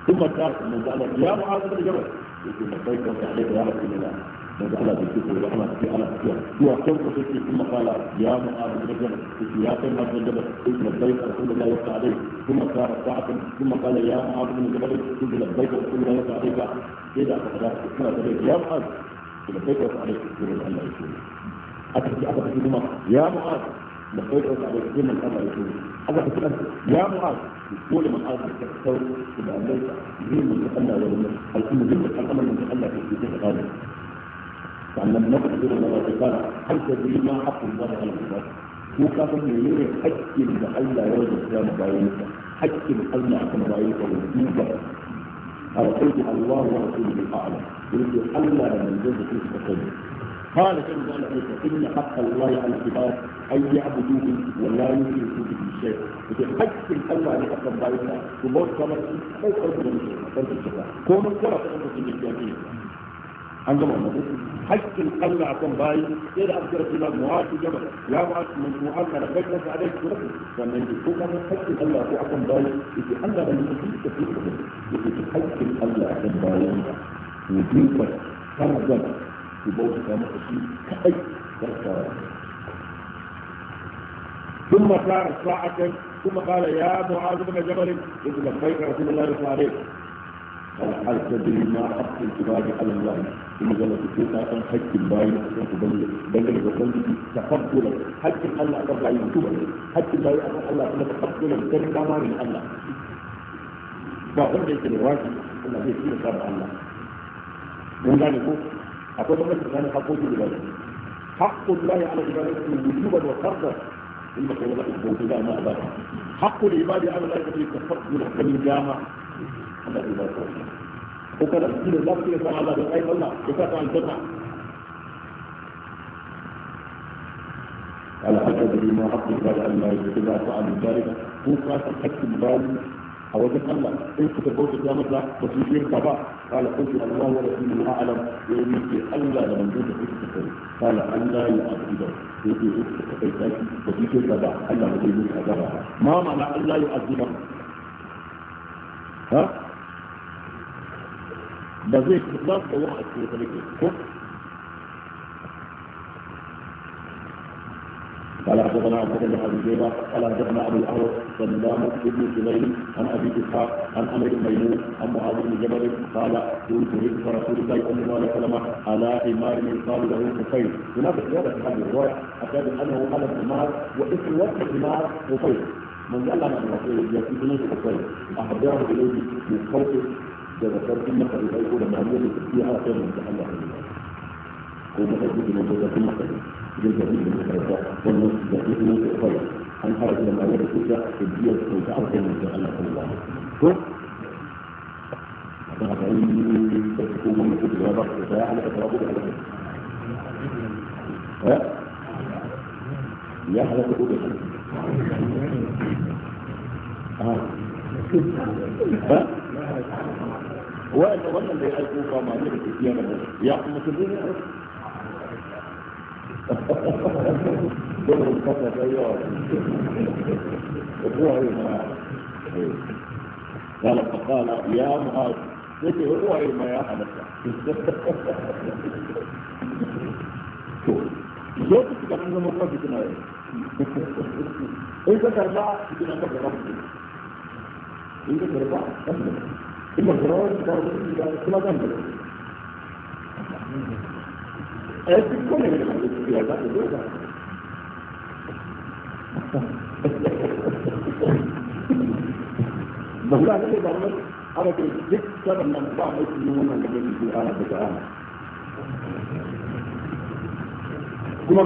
Speaker 1: ثم قال المسألة يا معاذ بن جبل يقول لبيك وسعيد يا رسول الله مسألة بالكفر والرحمة في على الكفر هو كم قصدي ثم قال يا معاذ بن جبل يا معاذ بن جبل قلت لبيك رسول الله يرفع عليك ثم قال ساعة ثم قال يا معاذ بن جبل قلت لبيك رسول الله يرفع عليك إذا فقدت كما تبيك يا معاذ لبيك وسعيد يقول الله يقول أتبت أتبت يا معاذ بخير اوسع بكثير من قبل الاسود حاجه بتبقى يا مؤاخذ كل من ارض الكتاب تبقى ليس دين من تخلى ولا من الحكم دين من تخلى من تخلى في الكتاب الغالي فان لم نقل دين الله تعالى هل تدري ما حق الله على الكتاب وكافر من يرى حتى لعل يرد الكلام بعينك حتى لعل يحكم بعينك ويجيبك أرسلت الله ورسوله أعلم يريد ألا من ذلك الكتاب قال جل إن حق الله على العباد أن يعبدوه ولا يشركوا به شيئا بحق الله حق الله وموت كما ليس الشفاعه كون كرة في الجاهلية عندما نقول حق الله عن باي إلى أن ترى إلى معاش جبل لا معاش من معاش على بيت نفس عليك ترك فمن يقول من حق الله عن باي إذا أنا من يكون كثير إذا حق الله عن باي وجيبك ترجمك في bauta كان shi kaɗai karkawa ثم صار ساعة ثم قال يا معاذ بن جبل إذ لبيك رسول الله صلى الله عليه قال هل تدري ما حق الكبار على الله قال جلت فيك أن حج الباين أن تبلغ بلغ وقلبك تقبلا حق الله ترفع يكتب حج الباين أن الله تقبلا ترفع ما من الله فأرجع الواجب الذي فيه تابع الله. من ذلك أقول لك أنا haƙoƙin ibada حق الله على عبادته وجوبا وفرضا ثم قول لك الزوج لا ما أبدا حق العباد على الملائكة يتفضل من أنا أقول لك وكان الدين الله في الله بأي الله يفاق عن جمع على حسب ما حق العباد على الملائكة إذا فعل ذلك هو قاس حق البالي a wajen Allah in suka bauta ta masa ba su shirka ba kala kuntu Allah wa rasuluhu a'lam ya yi ke Allah da manzon da suka kai kala Allah ya azuba ya ce in suka ta taki ba su shirka ba Allah ba zai musu azaba ma ma'ana Allah ya azuba ha ba zai ba su da wani a cikin sarki ko قال حدثنا عبد الله بن جيبه قال حدثنا ابو الاحوص سلام بن سليم عن ابي اسحاق عن امر بن ميمون عن معاذ بن جبل قال كنت هبت رسول الله صلى الله عليه وسلم على حمار من قال له حسين هناك زياده في هذه الروايه اكاد انه قال الحمار واسم وقت الحمار حسين من قال لنا الرسول يكفيني حسين احضره اليه من خوفه تذكرت انك اذا يكون معلومه فيها خير من تحلى حسين. الله ومتزوج من جوزك المختلف للجديد المترجع والمستجد من الخير أن حرج لما يجب تجاه الدية وتعرض من شاء الله صلى الله عليه وسلم فقد علمي تكون من كتب الوضع فعلى أترابه على ها؟ يا هذا كتب الحديث ها؟ ها؟ وأنا وأنا اللي ألقوا ما يجب تجاه يا أخي مسلمين جبل الكتب ايوه اقوى قال فقال يا معاذ قلت اقوى ما يا شوف شوف كان عنده مقام في كناية إذا تربع يمكن أن تربع إذا تربع تنبل إذا تربع تربع إذا تربع تنبل أجل كل من الحديث tafiya za ta zo ba ba ne da wani ana duk nan ba mai wannan da ana daga ana kuma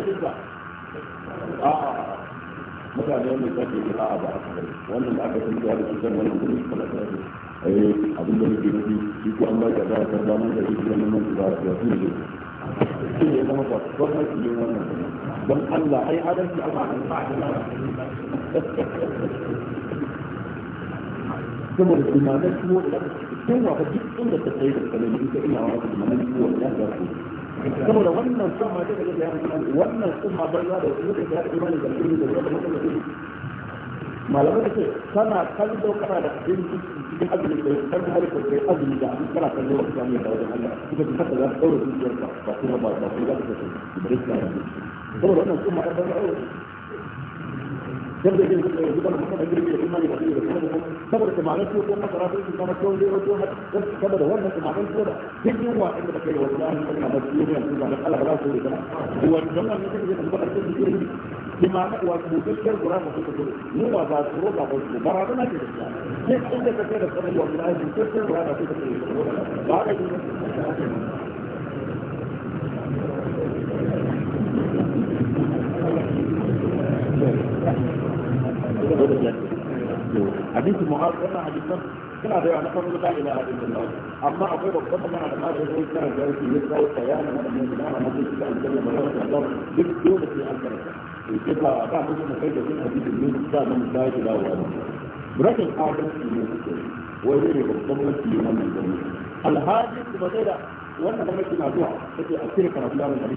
Speaker 1: ga a'a mutane wanda ya yi a'a ba a kare wannan da aka san da da kusan wannan kala da su eh abin da nake nufi shi ko an ba ka da ka ba da shi wannan nan da ya fi ne shi ne zama ba gwamnati ne wannan Don Allah ai adalci a ba saboda tunanin kuma tun wa duk inda ta tsaye da kalmomi ta ina wa tunanin kuma ya ga su saboda wannan umma ta da ya wannan umma ban da su da ya imani da su da malamai ce kana kallo kana da abinci cikin azumi da kan har ko kai azumi da abin kana kallo da kamiya da wajen Allah kuma ka saka da tsoro zuciyarka ba kuma ba ba kuma ka saka da rikka saboda wannan umma ban da dan da jin da zuban da da kuma da kuma da kuma saboda da ma'anar ko kuma karatu da kuma ko da ko saboda wannan da ma'anar ko da duk yin wa inda kake wallahi kana da shi ne da Allah ba su da wannan da kake da kuma da shi بما نقوى مدرك القرآن وسنة هو ذات ربع وسنة برادنا كده كيف أنت تكاد تقول والله مدرك القرآن وسنة بعد Thank you. حديث المعارض كما حديث كما ده يعني قبل لا اله الا الله اما اقول ربنا ما انا عارف كان جاي في يسرا والكيان من زمان ما كنت في الجنه ما كنت اقدر بدون في الجنه وكده بقى مش مفيد في حديث النبي ده من بدايه الاول بركه اعظم في المسلمين وغير ربنا في من الجنه الهادي بدأ وانا بمشي موضوع في اكثر كلام